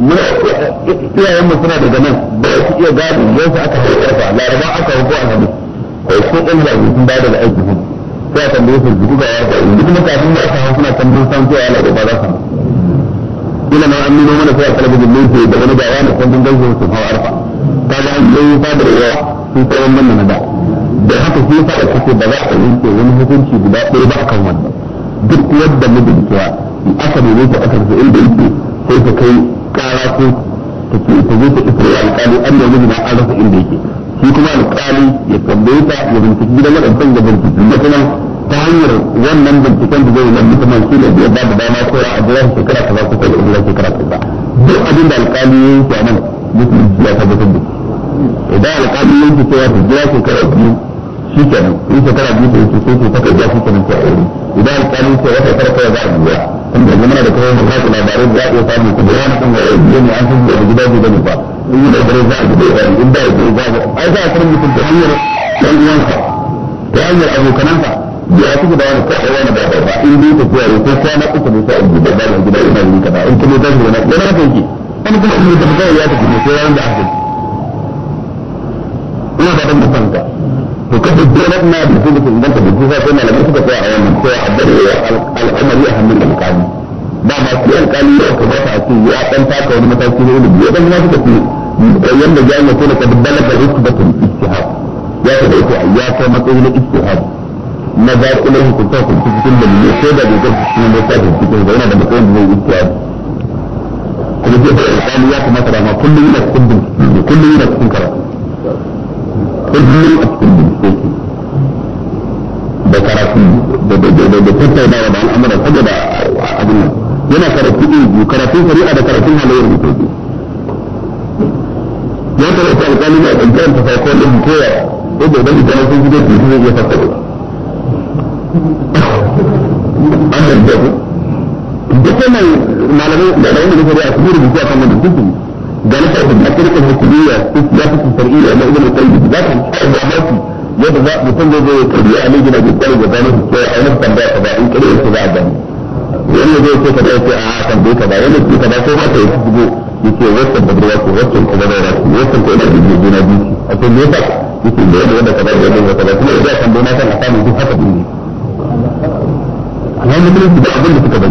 iyayen mu suna daga nan ba su iya gadi don su aka haifarsa laraba aka hukku a hadu ko ɗan zaɓi sun ba daga aiki hudu sai a tambaye su zuku ga ya zaɓi duk kuma kafin da aka hau suna tambaye san cewa yana za su hau ina ma an nuna mana sai a talabijin ne ke da wani gawa na san sun gansu sun hau arfa ta ga an yi ba da yawa sun tsawon nan na da da haka sun sa a kake ba za a yanke wani hukunci guda ɗaya ba a kan wannan duk wanda yadda mijin cewa aka nemi ta aka rufe inda yake sai ka kai kara ko ta ce ta zo ta alƙali an da gudu inda yake shi kuma alƙali ya tambaye ta ya binciki gidan waɗansan da binciki da kuma ta hanyar wannan binciken da zai yi na shi ne ba da dama ko a shekara kaza ko kai shekara kaza duk abin da alƙali ya yi a mutum ya tabbatar da idan alƙali ya yi ta jira shekara biyu shi kenan in shekara biyu da ya ce sai ta kai ya shi kenan ta aure idan alƙali ya za a biya inda zama da kawai da kasu labarai da ya samu ku da yana kan wani an san da gida ba in yi da za a gida ya in da ya za a za a san mutum ta hanyar ɗan ta hanyar abokanansa da ya kuka da wani ko wani ba ba ba in dai tafiya ne ko kwana uku ne a gida ba da gida ina wuri in kuma yana haka yake an kuma in da ba ya tafi ne sai ranar da ina da kanka to kada dole na da dole ko inganta da kusa sai malamai suka tsaya a wannan ko a bari al'amari a hannun alƙali ba ma su alƙali ya ka bata a ce ya dan taka wani mataki na ilimi ya ma suka ce yanda jami'a ko da kada balaga rutbatun ijtihad ya ka dauko ya kai matsayi na ijtihad na za ku lafi ku cikin da ne sai da gogar cikin da ta cikin da yana da matsayin da zai ijtihad kuma zai fara ya kamata da ma kullum yana cikin bincike kullum cikin karatu kullum a cikin bincike da karatu da tattaunawa da al'amura saboda abin nan yana karatu biyu karatun shari'a da karatun halayyar mutum ya karatu alƙali a ɗanƙarar ta farko ɗin koya ko da wani da sun gidan biyu zai iya fassara an da duk wannan malamai da ɗaya da shari'a su yi rubutu a kan wannan dukkan galibar da ake rikon musuliya su su zafi su sar'i a na ilimin kai da zafi a gwamnati yadda za mutum da zai karbi a nan gina da kwari da zanen su kai a nan kan ba ka ba in kare su za a gani wanda zai ce ka dauke a kan bai ka ba wanda ke ka ba ko ba ka yi su zubo ya ce wasan da burwa ko wasan ka zama ya ce wasan ka yana da biyu na biyu a kan ne ba ya ce da yadda wanda ka ba da yadda wanda ka ba kuma ya kan bai na kan a samun duk haka ne. a nan mutum da abin da suka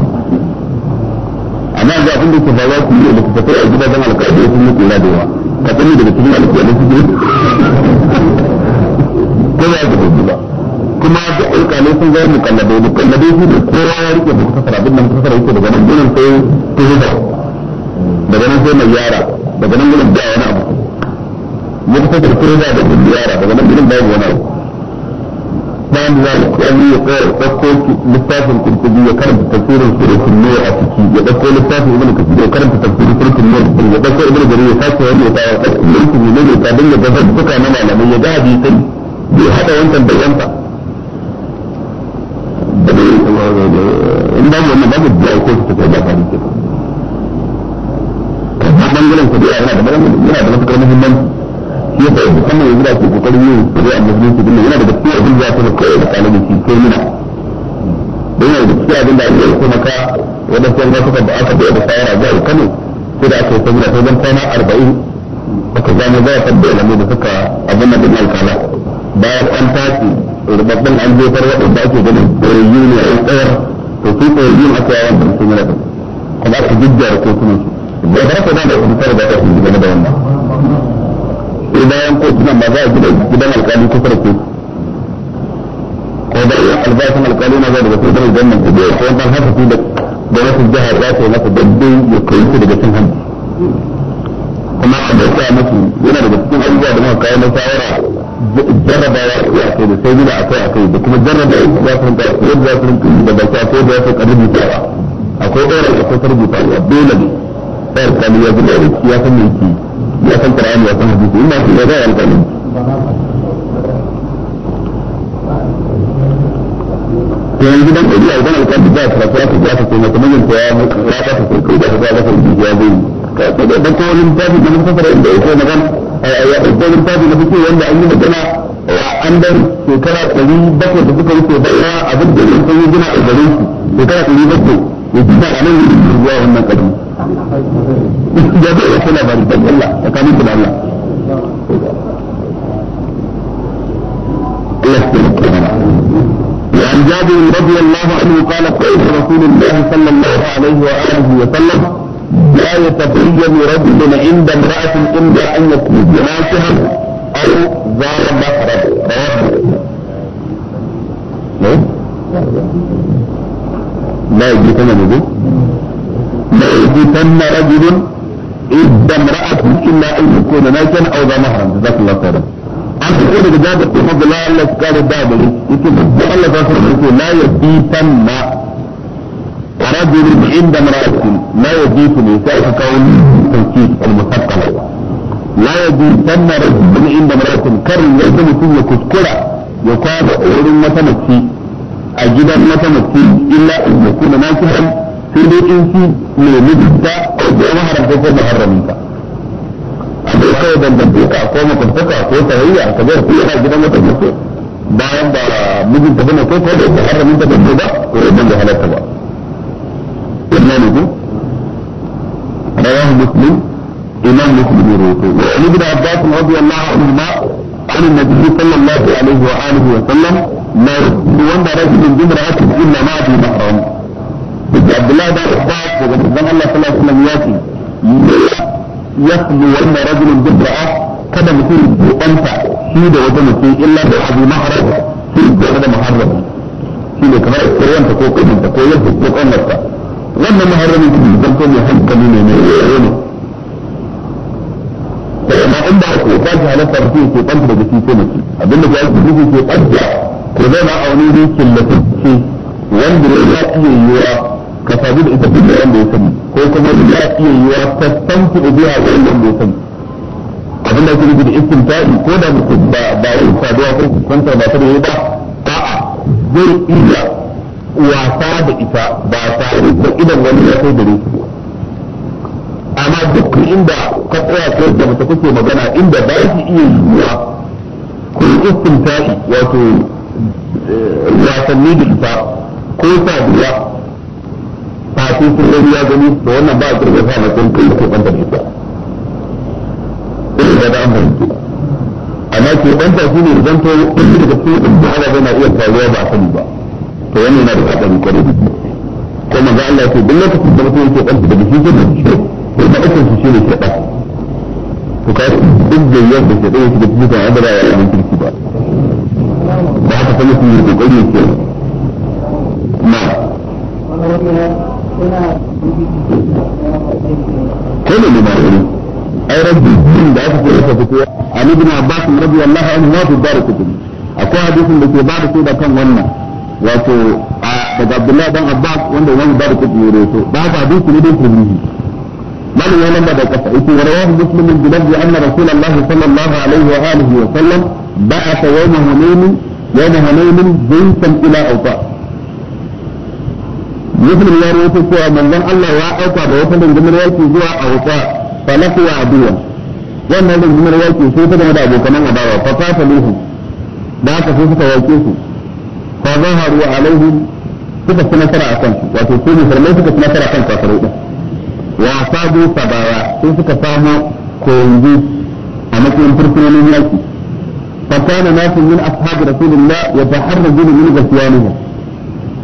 amma yanzu abin da ke faruwa ku ne da ku tafi a gidajen alƙalai sun yi kula da yawa ka sani daga cikin alƙalai su ne ko ya ga hudu ba kuma da alƙalai sun zai da mukallabai su ne kowa ya rike da kasar abin da kasar yake daga nan gurin sai ta zuba daga nan sai mai yara daga nan gurin da wani abu ya kasance da kurma da yara daga nan gurin da wani abu بعد ذلك أن يقول لساف الكتبي يكرم تفسير سورة النور أتكي يقول لساف ابن كتبي يكرم تفسير سورة النور يقول ابن جرير يساس وهم يتعرف ملك من يتعبين يتعرف بكى نمع لما يجاهد يتن بحتى وانت بيانتا إن بعض أن بعض الدعاء يقول تتعبع بعد كده كان حقا جلن كبيرا هنا بلن هنا بلن فكرة مهمة shi yasa yanzu kan yanzu da ke kokarin yin zai a musulunci din yana daga cikin abin da ya fara koyar da ɗalibin shi ko muna don yana da cikin abin da ake yi kuma ka wadansu yanzu suka da aka bayar da shawara za a yi kano ko da aka yi sabida sai kwana arba'in aka gano za a da suka abin da ɗin alkala bayan an tashi rubabban an jefar waɗanda ake ganin ne a tsayar to su aka da sun yi rabin kuma aka jujjara kotunan su da ba ka da da kuma da ta yi game da wannan sai bayan ko suna ba za a gida gidan alkali ta farko ko da albashin alkali na za daga kudin gwamnan ku biya ko ban haka su da wasu jihar za su yi masa dabbe ya kai su daga cin hannu kuma a da sa musu yana daga cikin abubuwa da muka kawo na shawara jarrabawa ya ce da sai gida a kai a kai da kuma jarraba jarrabawa za su rinka yadda za su rinka da ba ta ko da ya fi karbi tawa akwai ɗora da kasar bitawa dole ne ɗayar kali ya zuba ya san me yake لا كان قرآن ولا كان حديث إما في الأداء ولا كان كان جدا إلا أيضا كان بداية رسالة الجافة كما تمنى القيام لا تفكر كيف هذا في الإجابين فكذا بنت هو المتابع من السفر إلا إذا مثلا الدولة المتابع نفسه ولا أي مجال عندهم شكرا قليل بكر بكر بكر بكر أبدا يمكن يجمع الغريب شكرا قليل بكر يجمع عليه الله من قدمه jadi itulah الله Allah kami kepada Allah وعن جابر رضي الله عنه قال قال رسول الله صلى الله عليه واله وسلم لا يتبين رجل عند امرأة إلا أن يكون جناسها أو ذار بحره رواه لا يجي كما نقول لا يحدثن رجل عند امرأة إلا أن يكون ناجا أو ذا مهرا جزاك الله خيرا أن تقول الكتاب في حفظ الله الله سكار الدابل يكون الله سكار الدابل لا يحدثن رجل عند امرأة لا يحدثن يسأل كون التوكيد المثقل لا يحدثن رجل عند امرأته كر يجب كل كتكرة يقال أولي متمكي أجد المتمكي إلا أن يكون ناجحا في الإنسان mai mijinta ko maharamta ko maharaminta akwai kawai dangantaka ko makwabtaka ko tarayya ka zai ku yana gidan wata mace bayan da mijinta bane ko ko da maharaminta ba ce ba ko idan da halatta ba wannan ne رواه مسلم إمام مسلم يروي وعن ابن عباس رضي الله عنهما عن النبي صلى الله عليه وآله وسلم لا يؤمن رجل بامرأة إلا ما في محرم يخبو وإن رجل بدعة كما مثل أنت في ده وده مثل إلا بحبي محرم في ده هذا محرم في ده كمان القرآن تقول كم أنت قوي إيه؟ إيه؟ إيه؟ طيب، في القرآن لك لما محرم يجب أن يكون كم يحب كمين من القرآن فما عند أقوى فاجه على فرسيه في قنط بجسي سنتي أدلنا في عزب جسي في قدع كذا ما أعني ذي كلا تبكي وانجر إلا أيه يرى كفابين إذا كنت أعني يسمي ko kuma za a iya yiwa sassanci da biya ga wanda bai san abin da ake nufi da istimta'i ko da ba ba ba wai saduwa ko kusanta ba ta da ba a'a zai iya wasa da ita ba tare da idan wani ya kai gare shi amma duk inda ka tsaya ko da mace kake magana inda ba shi iya yiwa ko istimta'i wato eh, wasanni da ita ko saduwa a cikin ya gani da ba a kirga sa kai ke banta da da amma ke banta shi ne zan to da haka iya faruwa ba sani ba to wannan yana da hadari da kuma manzo Allah ya ce duk lokacin da mutum yake banta da shi ke shi da shi ne ke ba to kai duk da ke da shi da ya yi kirki ba ba na كل ne ne ba ne ai rabbi din da aka ce ka fito ali ibn abbas radiyallahu anhu ma tudar kutub akwai hadisin da ke ba da da kan wannan wato daga abdullahi dan abbas wanda wani ba da kutub ya rawaito ba ka hadisi ne don turmihi من يلم بكفة ورواه مسلم بلفظ أن رسول الله صلى الله عليه وآله وسلم بعث يوم هنين يوم هنين جنسا إلى أوطاء muslim ya rawaito cewa manzon Allah ya auka da wata rundunar yaki zuwa a wuta falahu wa aduwa wannan rundunar yaki sai ta gama da abokanan adawa fa fasaluhum da aka sai suka yake su fa zaharu alaihim suka ci nasara a kansu wato su musulmai suka ci nasara kan kafirai din wa sabu sabaya sai suka samu koyi a matsayin fursunonin yaki fa kana nasu min ashabi rasulillah yataharrajuna min ghasyanihim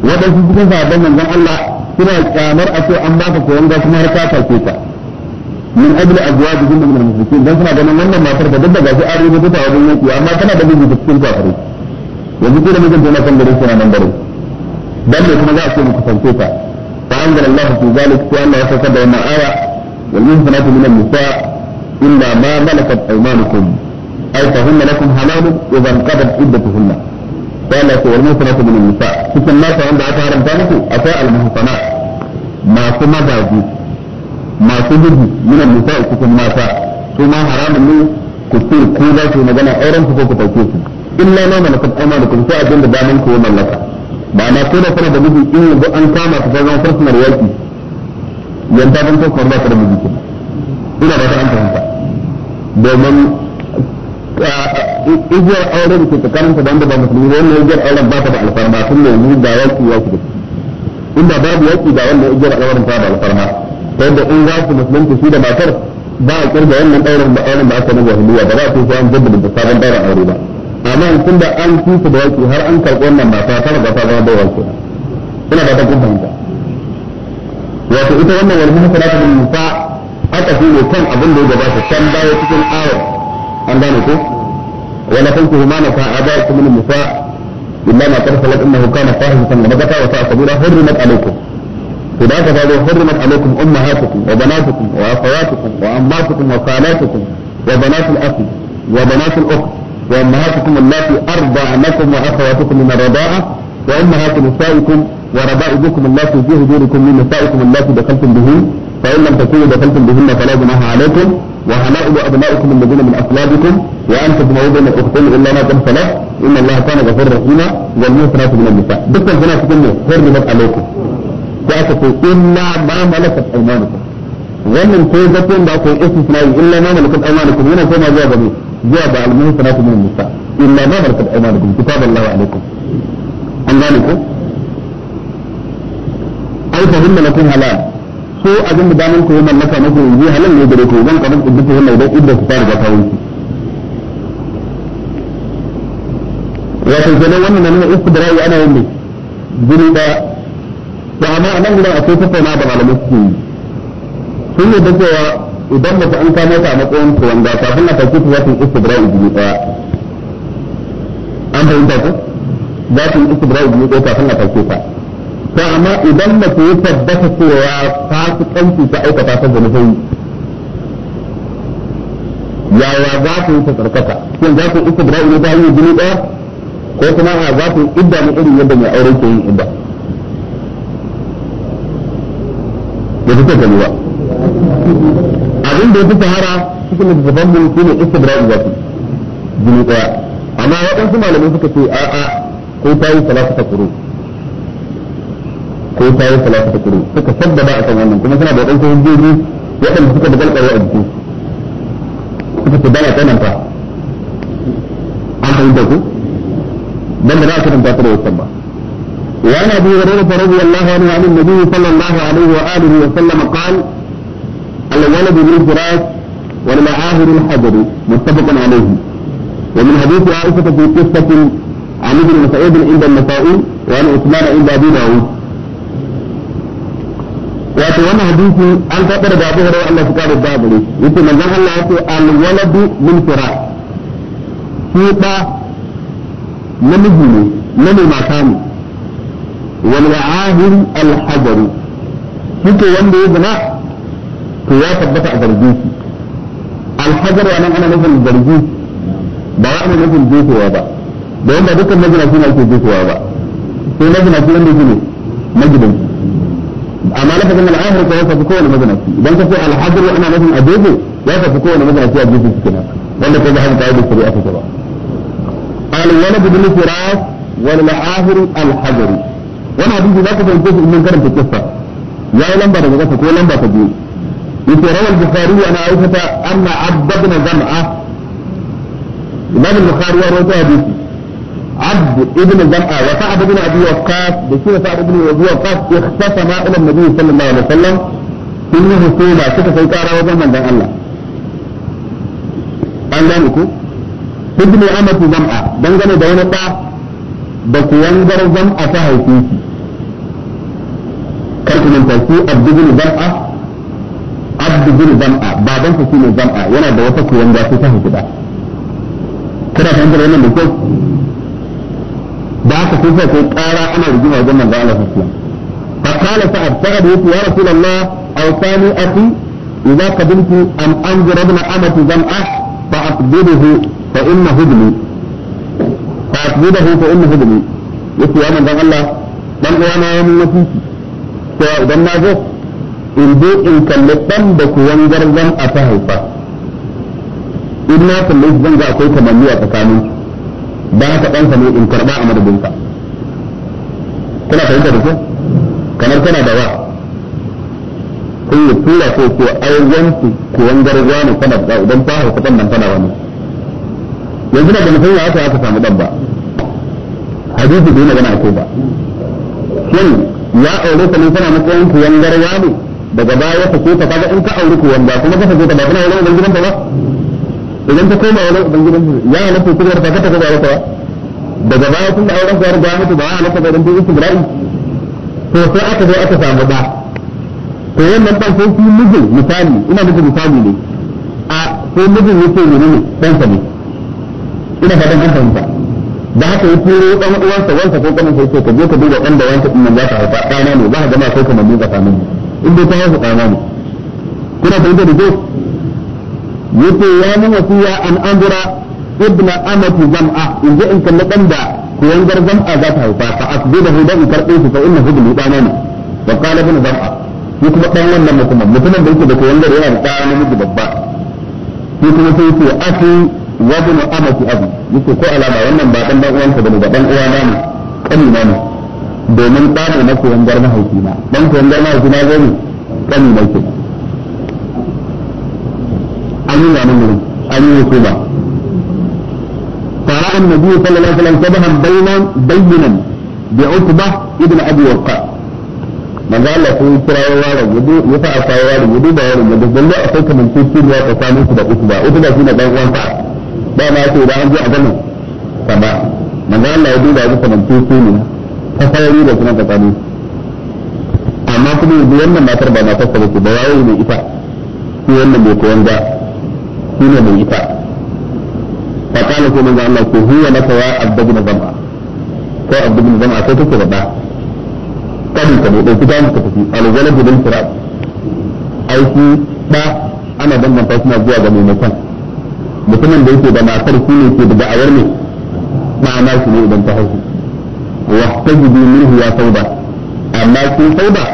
waɗansu cikin sahabban manzon Allah suna kyamar a ce an baka koyon gashi har ka farke ta min ajli azwajihim min al-muslimin dan suna ganin wannan matar da dabba gashi an rubuta ta wajen yaki amma tana da miji da cikin kafiri yanzu kira mijin tana kan gare suna nan gare dan ne kuma za a ce muku farke ta fa anzalallahu fi zalik sai Allah ya saka da wannan aya wal muhsanatu min an-nisa' إلا ما ملكت أيمانكم أي فهن لكم حلال إذا انقضت عدتهن قال لك والمحصنات من النساء cikin nasa wanda aka haramta muku akwai almuhsanat masu mazaji masu gudu minan nisa'i cikin mata su ma haramun ne ku ce ku za ku magana auren ku ko ku dauke su illa ma malakat amalukum sai abin da daman ku mallaka ba na ko da kana in yanzu an kama ka zama ban ba ina ta domin igiyar auren da ke tsakanin ta da wanda ba musulmi ba wannan igiyar auren ba ta da alfarma tun da yanzu da yaki yaki da inda babu yaki da wannan igiyar auren ta da alfarma ta yadda in za su musulunci shi da matar ba a kirga wannan ɗaurin da auren da aka na jahiliya ba za su yi an jaddada da sabon ɗaurin aure ba amma tun da an kisa da yaki har an karɓi wannan mata ta riga ta zama da yaki ina ba ta kun fahimta wato ita wannan wal muhsanatu min nisa aka fi ne kan abin da ya gabata can baya cikin ayar an gane ko wala tankihu ma naka aba'ukum min nisa' إلا ما قد سلف إنه كان فاحشة وبكى وساء سبيلا حرمت عليكم فذاك قالوا حرمت عليكم أمهاتكم وبناتكم وأخواتكم وأماتكم وخالاتكم وبنات الأخ وبنات الأخت وأمهاتكم اللاتي أرضعنكم وأخواتكم من الرضاعة وأمهات نسائكم وربائبكم اللاتي في هجوركم من نسائكم اللاتي دخلتم بهن فإن لم تكونوا دخلتم بهن فلا جناح عليكم وحلائل أبنائكم الذين من أصلابكم وأن تجمعوا بين الأختين إلا ما قد سلف إن الله كان غفورا رحيما والمسرات من النساء دكتور هنا تكون حرمت عليكم تأتي إلا ما ملكت أيمانكم wannan ko zaton da akwai istisnai illa ma malakat aymanukum yana koma zuwa gabe zuwa ga al-muhsanatu min nisa illa ma malakat aymanukum kitaballahi alaikum an gane ko ai fa hinna lakum halal ko abin da daman ku yi mallaka muku yanzu halal ne gare ku zan karin kudu da inda ku fara ga kawun wannan nan uku da rayu ana yin ne amma a nan gudan akwai tattauna da malamai suke yi sun yi da cewa idan mace an kama ta a matsayin ta za ta yi istibra'i guri an fahimta ko za kafin a ta to amma idan mace ya tabbata cewa fasikanci ta aikata ta zunubai yaya za ta yi ta tsarkaka shin za ta da istibra'i ne bayan jini ɗaya ko kuma a za ta yi idda ne irin yadda mai aure ke yin idda da fi ta gani ba abin da ya fi sahara cikin littattafan mu shi ne istibra'i za ta jini ɗaya amma waɗansu malamai suka ce a'a ko ta yi salatu ta kuru ko kawo salatu kuru suka sabbaba a kan wannan kuma suna da wadansu hujjoji waɗanda suka da galƙarwa a jikin suka ce baya tsananta an fahimta ku dan da za a karanta ta da wasan ba وعن ابي هريره رضي الله عنه عن النبي صلى الله عليه واله وسلم قال الولد للفراش والمعاهر الحجر متفق عليه ومن حديث عائشه في قصه عن ابن مسعود عند النسائي وعن عثمان عند ابي داود wato wani hadisi an taɓa da abu hore Allah su kare da gare yace manzon Allah yace al waladu min fira shi da namiji ne na ne mata ne wal wa'ahir al hajaru yace wanda ya zama to ya tabbata a zargi shi al hajaru anan ana nufin zargi ba ana nufin jefewa ba da wanda dukkan majina suna ke jefewa ba sai majina shi wanda yake ne magidanci أما نفس من العاهر فهو فتكون مثلا إذا انت في الحجر وأنا لازم اجيبه وهو فتكون مثلا في أبيب السكنة لأنه كنت هذا تعيد السريعة فترة قال الولد بن فراس وللعاهر الحجر وانا بيجي لك فانتوش من كرم في القصة يا لم برد بس كل لم برد يتروى البخاري أنا عرفت أن عبد بن زمعة الإمام البخاري روى هذه عبد ابن زمعة وسعد بن أبي وقاص بشير سعد بن أبي وقاص اختصم إلى النبي صلى الله عليه وسلم في حصولة كيف سيطار وجه من ذا الله an gane ku ibnu amatu zam'a dangane da wani ba da ku yangar zam'a ta haife shi kar ku manta shi abdul zam'a abdul zam'a baban sa shine yana da wata ku yanga ta haife da kada ka yangar wannan da kyau da haka sai sai kai ana rigima wajen manzo Allah sallallahu alaihi wasallam fa qala sa'ad sa'ad yace ya rasulullah awsani akhi idza qadimtu an anzura ibn amati zam'a fa aqbiduhu fa fa aqbiduhu fa yace ya manzo Allah dan uwana ya mun wasiki to idan na zo in in kalli dan da kuwan garzan a ta haifa in na kalle zan ga akwai kamanni a ba haka ɗansa ne in karɓa a madadinsa kuna fahimta da ku kamar tana da wa kun yi tura ko ko ai wanki ko wangar wani kana da idan ta haka ɗan nan tana wani yanzu da ban sanya aka aka samu ɗan ba hadisi bai magana ko ba shin ya aure ka ne tana matsayin ku wangar wani daga baya ya fake ta kaga in ka aure ko wanda kuma ka fake ta ba Kuna wani gidan ubangijinta ba idan ta koma wajen ubangidan ya halatta kuma da ta ko ba ba daga baya tun da auren ya riga ya mutu ba ya halatta ba idan ta istibra'i to sai aka zo aka samu ba to wannan ban sai shi mijin misali ina miji misali ne a ko mijin yake ne ne kansa ne ina fatan an fahimta da haka ya turo dan uwansa wansa ko kanin sai ka je ka duba dan da wanka din nan za ka haifa ɗana ne ba ka gama ko kamar ni tsakanin in dai ta haifa ɗana ne kuna fahimta da yace ya ni wasiya an andura ibna amati zam'a in ji in kalli dan da gar zam'a za ta haifa fa asbidahu da in karbe shi fa innahu bi dana ne wa qala ibn zam'a shi kuma dan wannan mutumin mutumin da yake da gar yana da tsara miji babba shi kuma sai yace aki wa ibn amati abi yace ko alama wannan ba dan dan ka bane ba dan uwana ne na ne domin ɗa ne na kuyangar mahaifina dan gar mahaifina zai ne kanina kenan an yi zanen gurin an yi wasu ba fara annabi sallallahu alaihi wasallam sabahan bainan bayyinan bi utba ibn abi waqqas manzo Allah sai kira yara gudu ya fa asa yara gudu ba yara gudu balle akwai kaman cikin ya tsakanin su da utba utba shine dan uwan sa ba ma ce da an zo a ganin sama manzo Allah ya duba ya kaman cikin ne ta sarari da kuma tsakanin amma kuma yanzu wannan matar ba na sa bace ba yayi ne ita shi wannan bai koyan ba shine mai ita fa kana ko manzo Allah ko huwa laka ya abdubna zam'a ko abdubna zam'a sai take da ba kadin ka ne dai kidan ka tafi alwalad bil firaq ai shi ba ana bambanta shi na zuwa ga mai mutan mutumin da yake da matar shi ne ke da da'awar ne ma'ana shi ne idan ta haihu wa tajibi minhu ya sauda amma kin sauda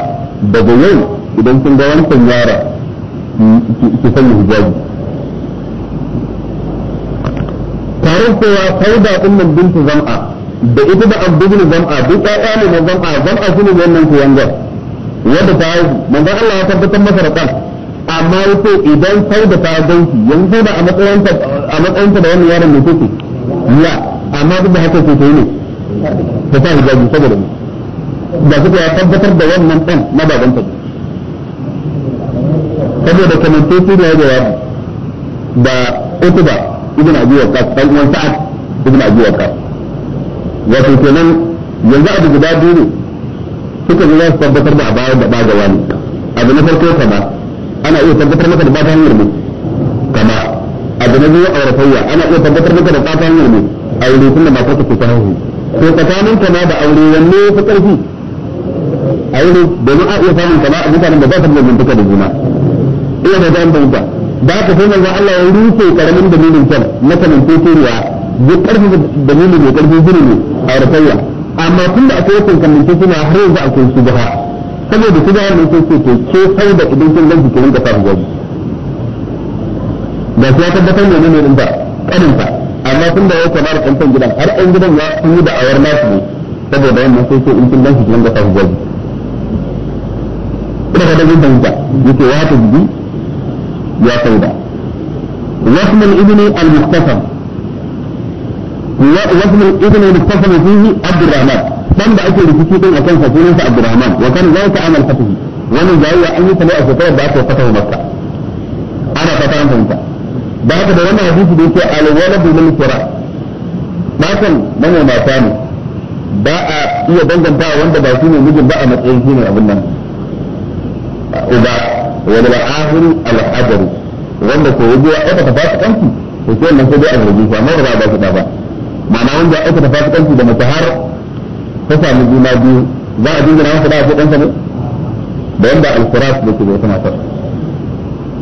daga yau idan kin ga wancan yara ki sanya hijabi haihuwa sauda din bintu zam'a da ita da abdul zam'a duk ƴaƴa ne na zam'a zam'a ne wannan ku yanga wanda ta haihu manzon Allah ya tabbatar masa da kan amma yace idan sauda ta ganki yanzu da a matsayin a matsayin da wannan yaron ne kuke ya amma duk da haka ce ta ne ta ta hijabi saboda da suka ya tabbatar da wannan dan na ta saboda kamar sai da ya da ba ibn abi waqas dan uwan sa'ad ibn abi waqas wato kenan yanzu abu guda biyu ne suka zo su tabbatar da abawa da baga wani abu na farko kama ana iya tabbatar maka da bata ta hanyar ne kama abu na biyu auratayya ana iya tabbatar maka da bata ta hanyar ne aure tun da matar ta ta haihu ko tsakanin kama da aure wanne ya fi ƙarfi aure domin a iya samun kama a mutanen da ba su da zantaka da juna iya da dan hanyar ba haka sai manzo Allah ya rufe karamin dalilin kan na kamin turuwa ya da dalilin mai karfi ne a rafaiya amma tun da akwai yakin kamin na har yanzu akwai ba saboda su ne sai ce to ke sai da idan kin ganki kin ga fara gobe ba sai ya tabbatar ne ne din ba kanin ba amma tun da yake mara kan gidan har an gidan ya yi da awar nasu ne saboda wannan sai ce in kin ganki kin ga fara gobe ina ga dangin da yake wata jibi. يا سيدا واسم الابن المختصر واسم الابن المختصر فيه عبد الرحمن dan da ake rikici din akan sa sunan sa Abdurrahman wa kan zai ta'am al-fatih wannan jayya an yi tale a shekarar da aka fata Makka ana fata an fahimta da haka da wannan hadisi da yake al-waladu min qira bakan dan mata ne ba a iya danganta wanda ba shi ne mijin ba a matsayin shi ne abin nan uba wani la'ahun al'adari wanda ko yaje ya aikata fasikanci to sai nan sai dai a zargi amma ba za a ba shi ba ma'ana wanda ya aikata fasikanci da mace har ta sami juna biyu za a jingina masa da a kuɗansa ne da yadda al-firas da ke da wata matar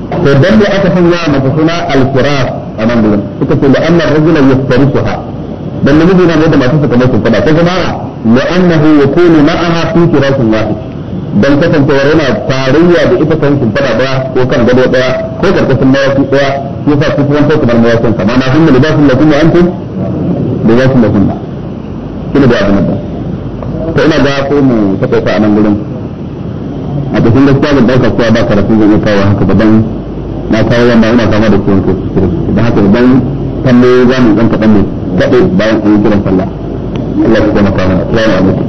to dan da aka sanya mata suna al-firas a nan gurin suka ce da annar rajula yastarisuha dan namiji na da matarsa kamar sun fada ta jama'a la'annahu yakunu ma'aha fi firasin wahid don kasancewar yana tarayya da ita kan fada daya ko kan gado daya ko karkashin mawaki daya ko yasa su kuma kamar mawaƙin kama na hunna da basu lafiya an kun da basu lafiya kina da abin da to ina ga ko mu taƙaita a nan gurin a cikin gaskiya da ɗaukar kowa ba karatun zai kawo haka da dan na kawo wanda ina kama da ciwon kai da haka da dan kallo za mu ɗan kaɗan ne kaɗai bayan an kira sallah Allah ya kuma kama da salamu alaikum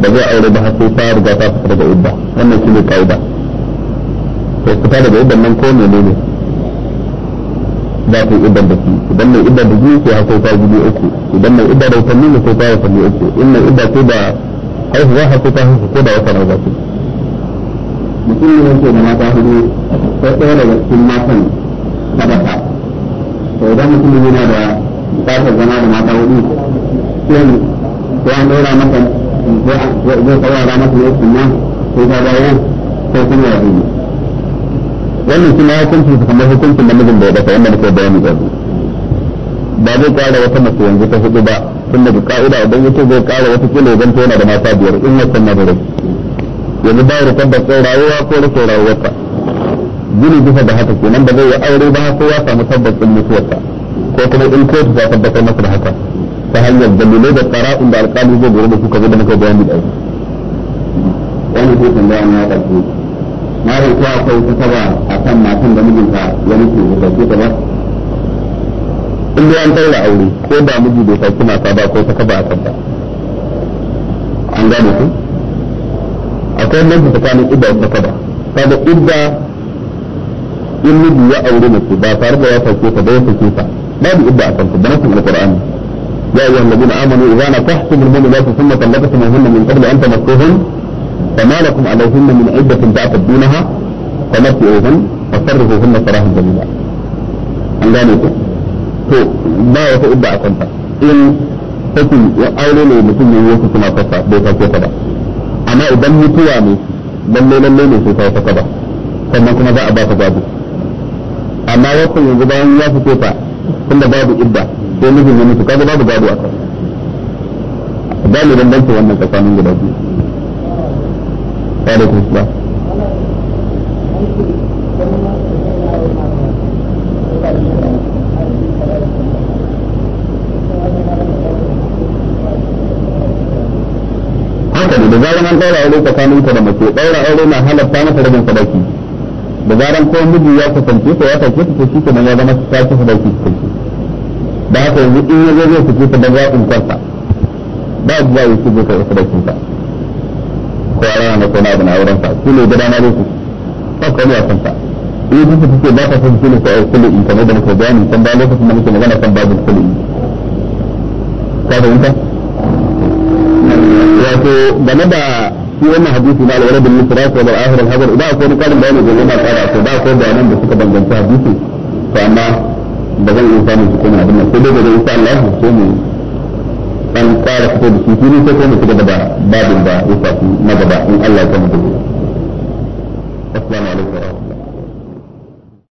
ba zai aure ba har sai ta riga ta fita daga idda wannan shi ne kaida to fita daga idda nan ko ne ne za ta yi idda da shi idan mai idda da biyu sai hakai ta biyu uku idan mai idda da watanni ne sai ta yi da uku in mai idda ko da haihuwa hakai ta haihu ko da wata na mutum ne yake da mata hudu sai ɗaya daga cikin matan na bata to idan mutum ne yana da bukatar zama da mata hudu sai ya ɗora mata zai tsawara masa ne kuma sai ta bayan ko kuma ya yi wannan kuma hukuncin su kamar hukuncin da mijin da ya dasa wanda muke bayani da ba zai kara wata mace yanzu ta hudu ba tun daga ka'ida idan yake zai kara wata kilo zan tona da mata biyar in wasan na da rai yanzu ba da tabbatar rayuwa ko rikin rayuwarsa gini bisa da haka kenan ba zai yi aure ba ko ya samu tabbacin mutuwarsa ko kuma in kotu ta tabbatar masa da haka ta hanyar dalilai da fara'un da alƙali zai gore da su kamar da muka bayan da su wani zai tambaya na ƙarfi na da ko akwai ta taba a kan matan da mijinta ya nufi da ƙarfi ta ba in dai an tsaura aure ko da miji bai sauki mata ba ko ta taba a ba an gane ku akwai mafi tsakanin idda da taba da idda in miji ya aure mace ba tare da ya sauke ta ba ya sauke ta babu idda a kanta ba na sun alƙur'ani يا أيها الذين آمنوا إذا نكحتم المؤمنات ثم طلقتموهن من قبل أن تمسوهن فما لكم عليهن من عدة تعتدونها فمتعوهن فصرفوهن صراحة جميلة an gane ku to ba wata idda a kanta in sakin aure ne mutum ne yake kuma fasa bai sake ta ba amma idan mutuwa ne lalle lalle ne sai ta saka ba sannan kuma za a ba ta gado amma wasu yanzu bayan ya fito ta tunda babu idda sai ya kaga babu gado a kan ba bambanta wannan tsakanin guda biyu da zaran an daura aure tsakanin ka da mace aure na halatta masa rabin sadaki da zaran ko miji ya kasance ko ya kace ta ya zama ta ci sadaki ta da haka yanzu in ya zai fice ta da zaɓin kansa ba a zuwa yake zai karɓi sadakin sa ko a rana ko na abu na auren sa shi ne gudana da su ba yi a kansa in eh, kuka ba ka san shi ko a kamar da muka bayani kan ba lokacin da muke magana kan babin kulu'i ka fahimta wato game da shi wannan hadisi na alwala bin misras wa al-akhir hajar ba ko ni karin bayani da yana fara ko ba ko bayanan da suka danganta hadisi to amma ba zan iya samun su koma abin nan sai dai gobe sa Allah sai mu dan fara fito da shi fili sai kuma shiga gaba da babin ba ya shafi na gaba in Allah ya kama da assalamu alaikum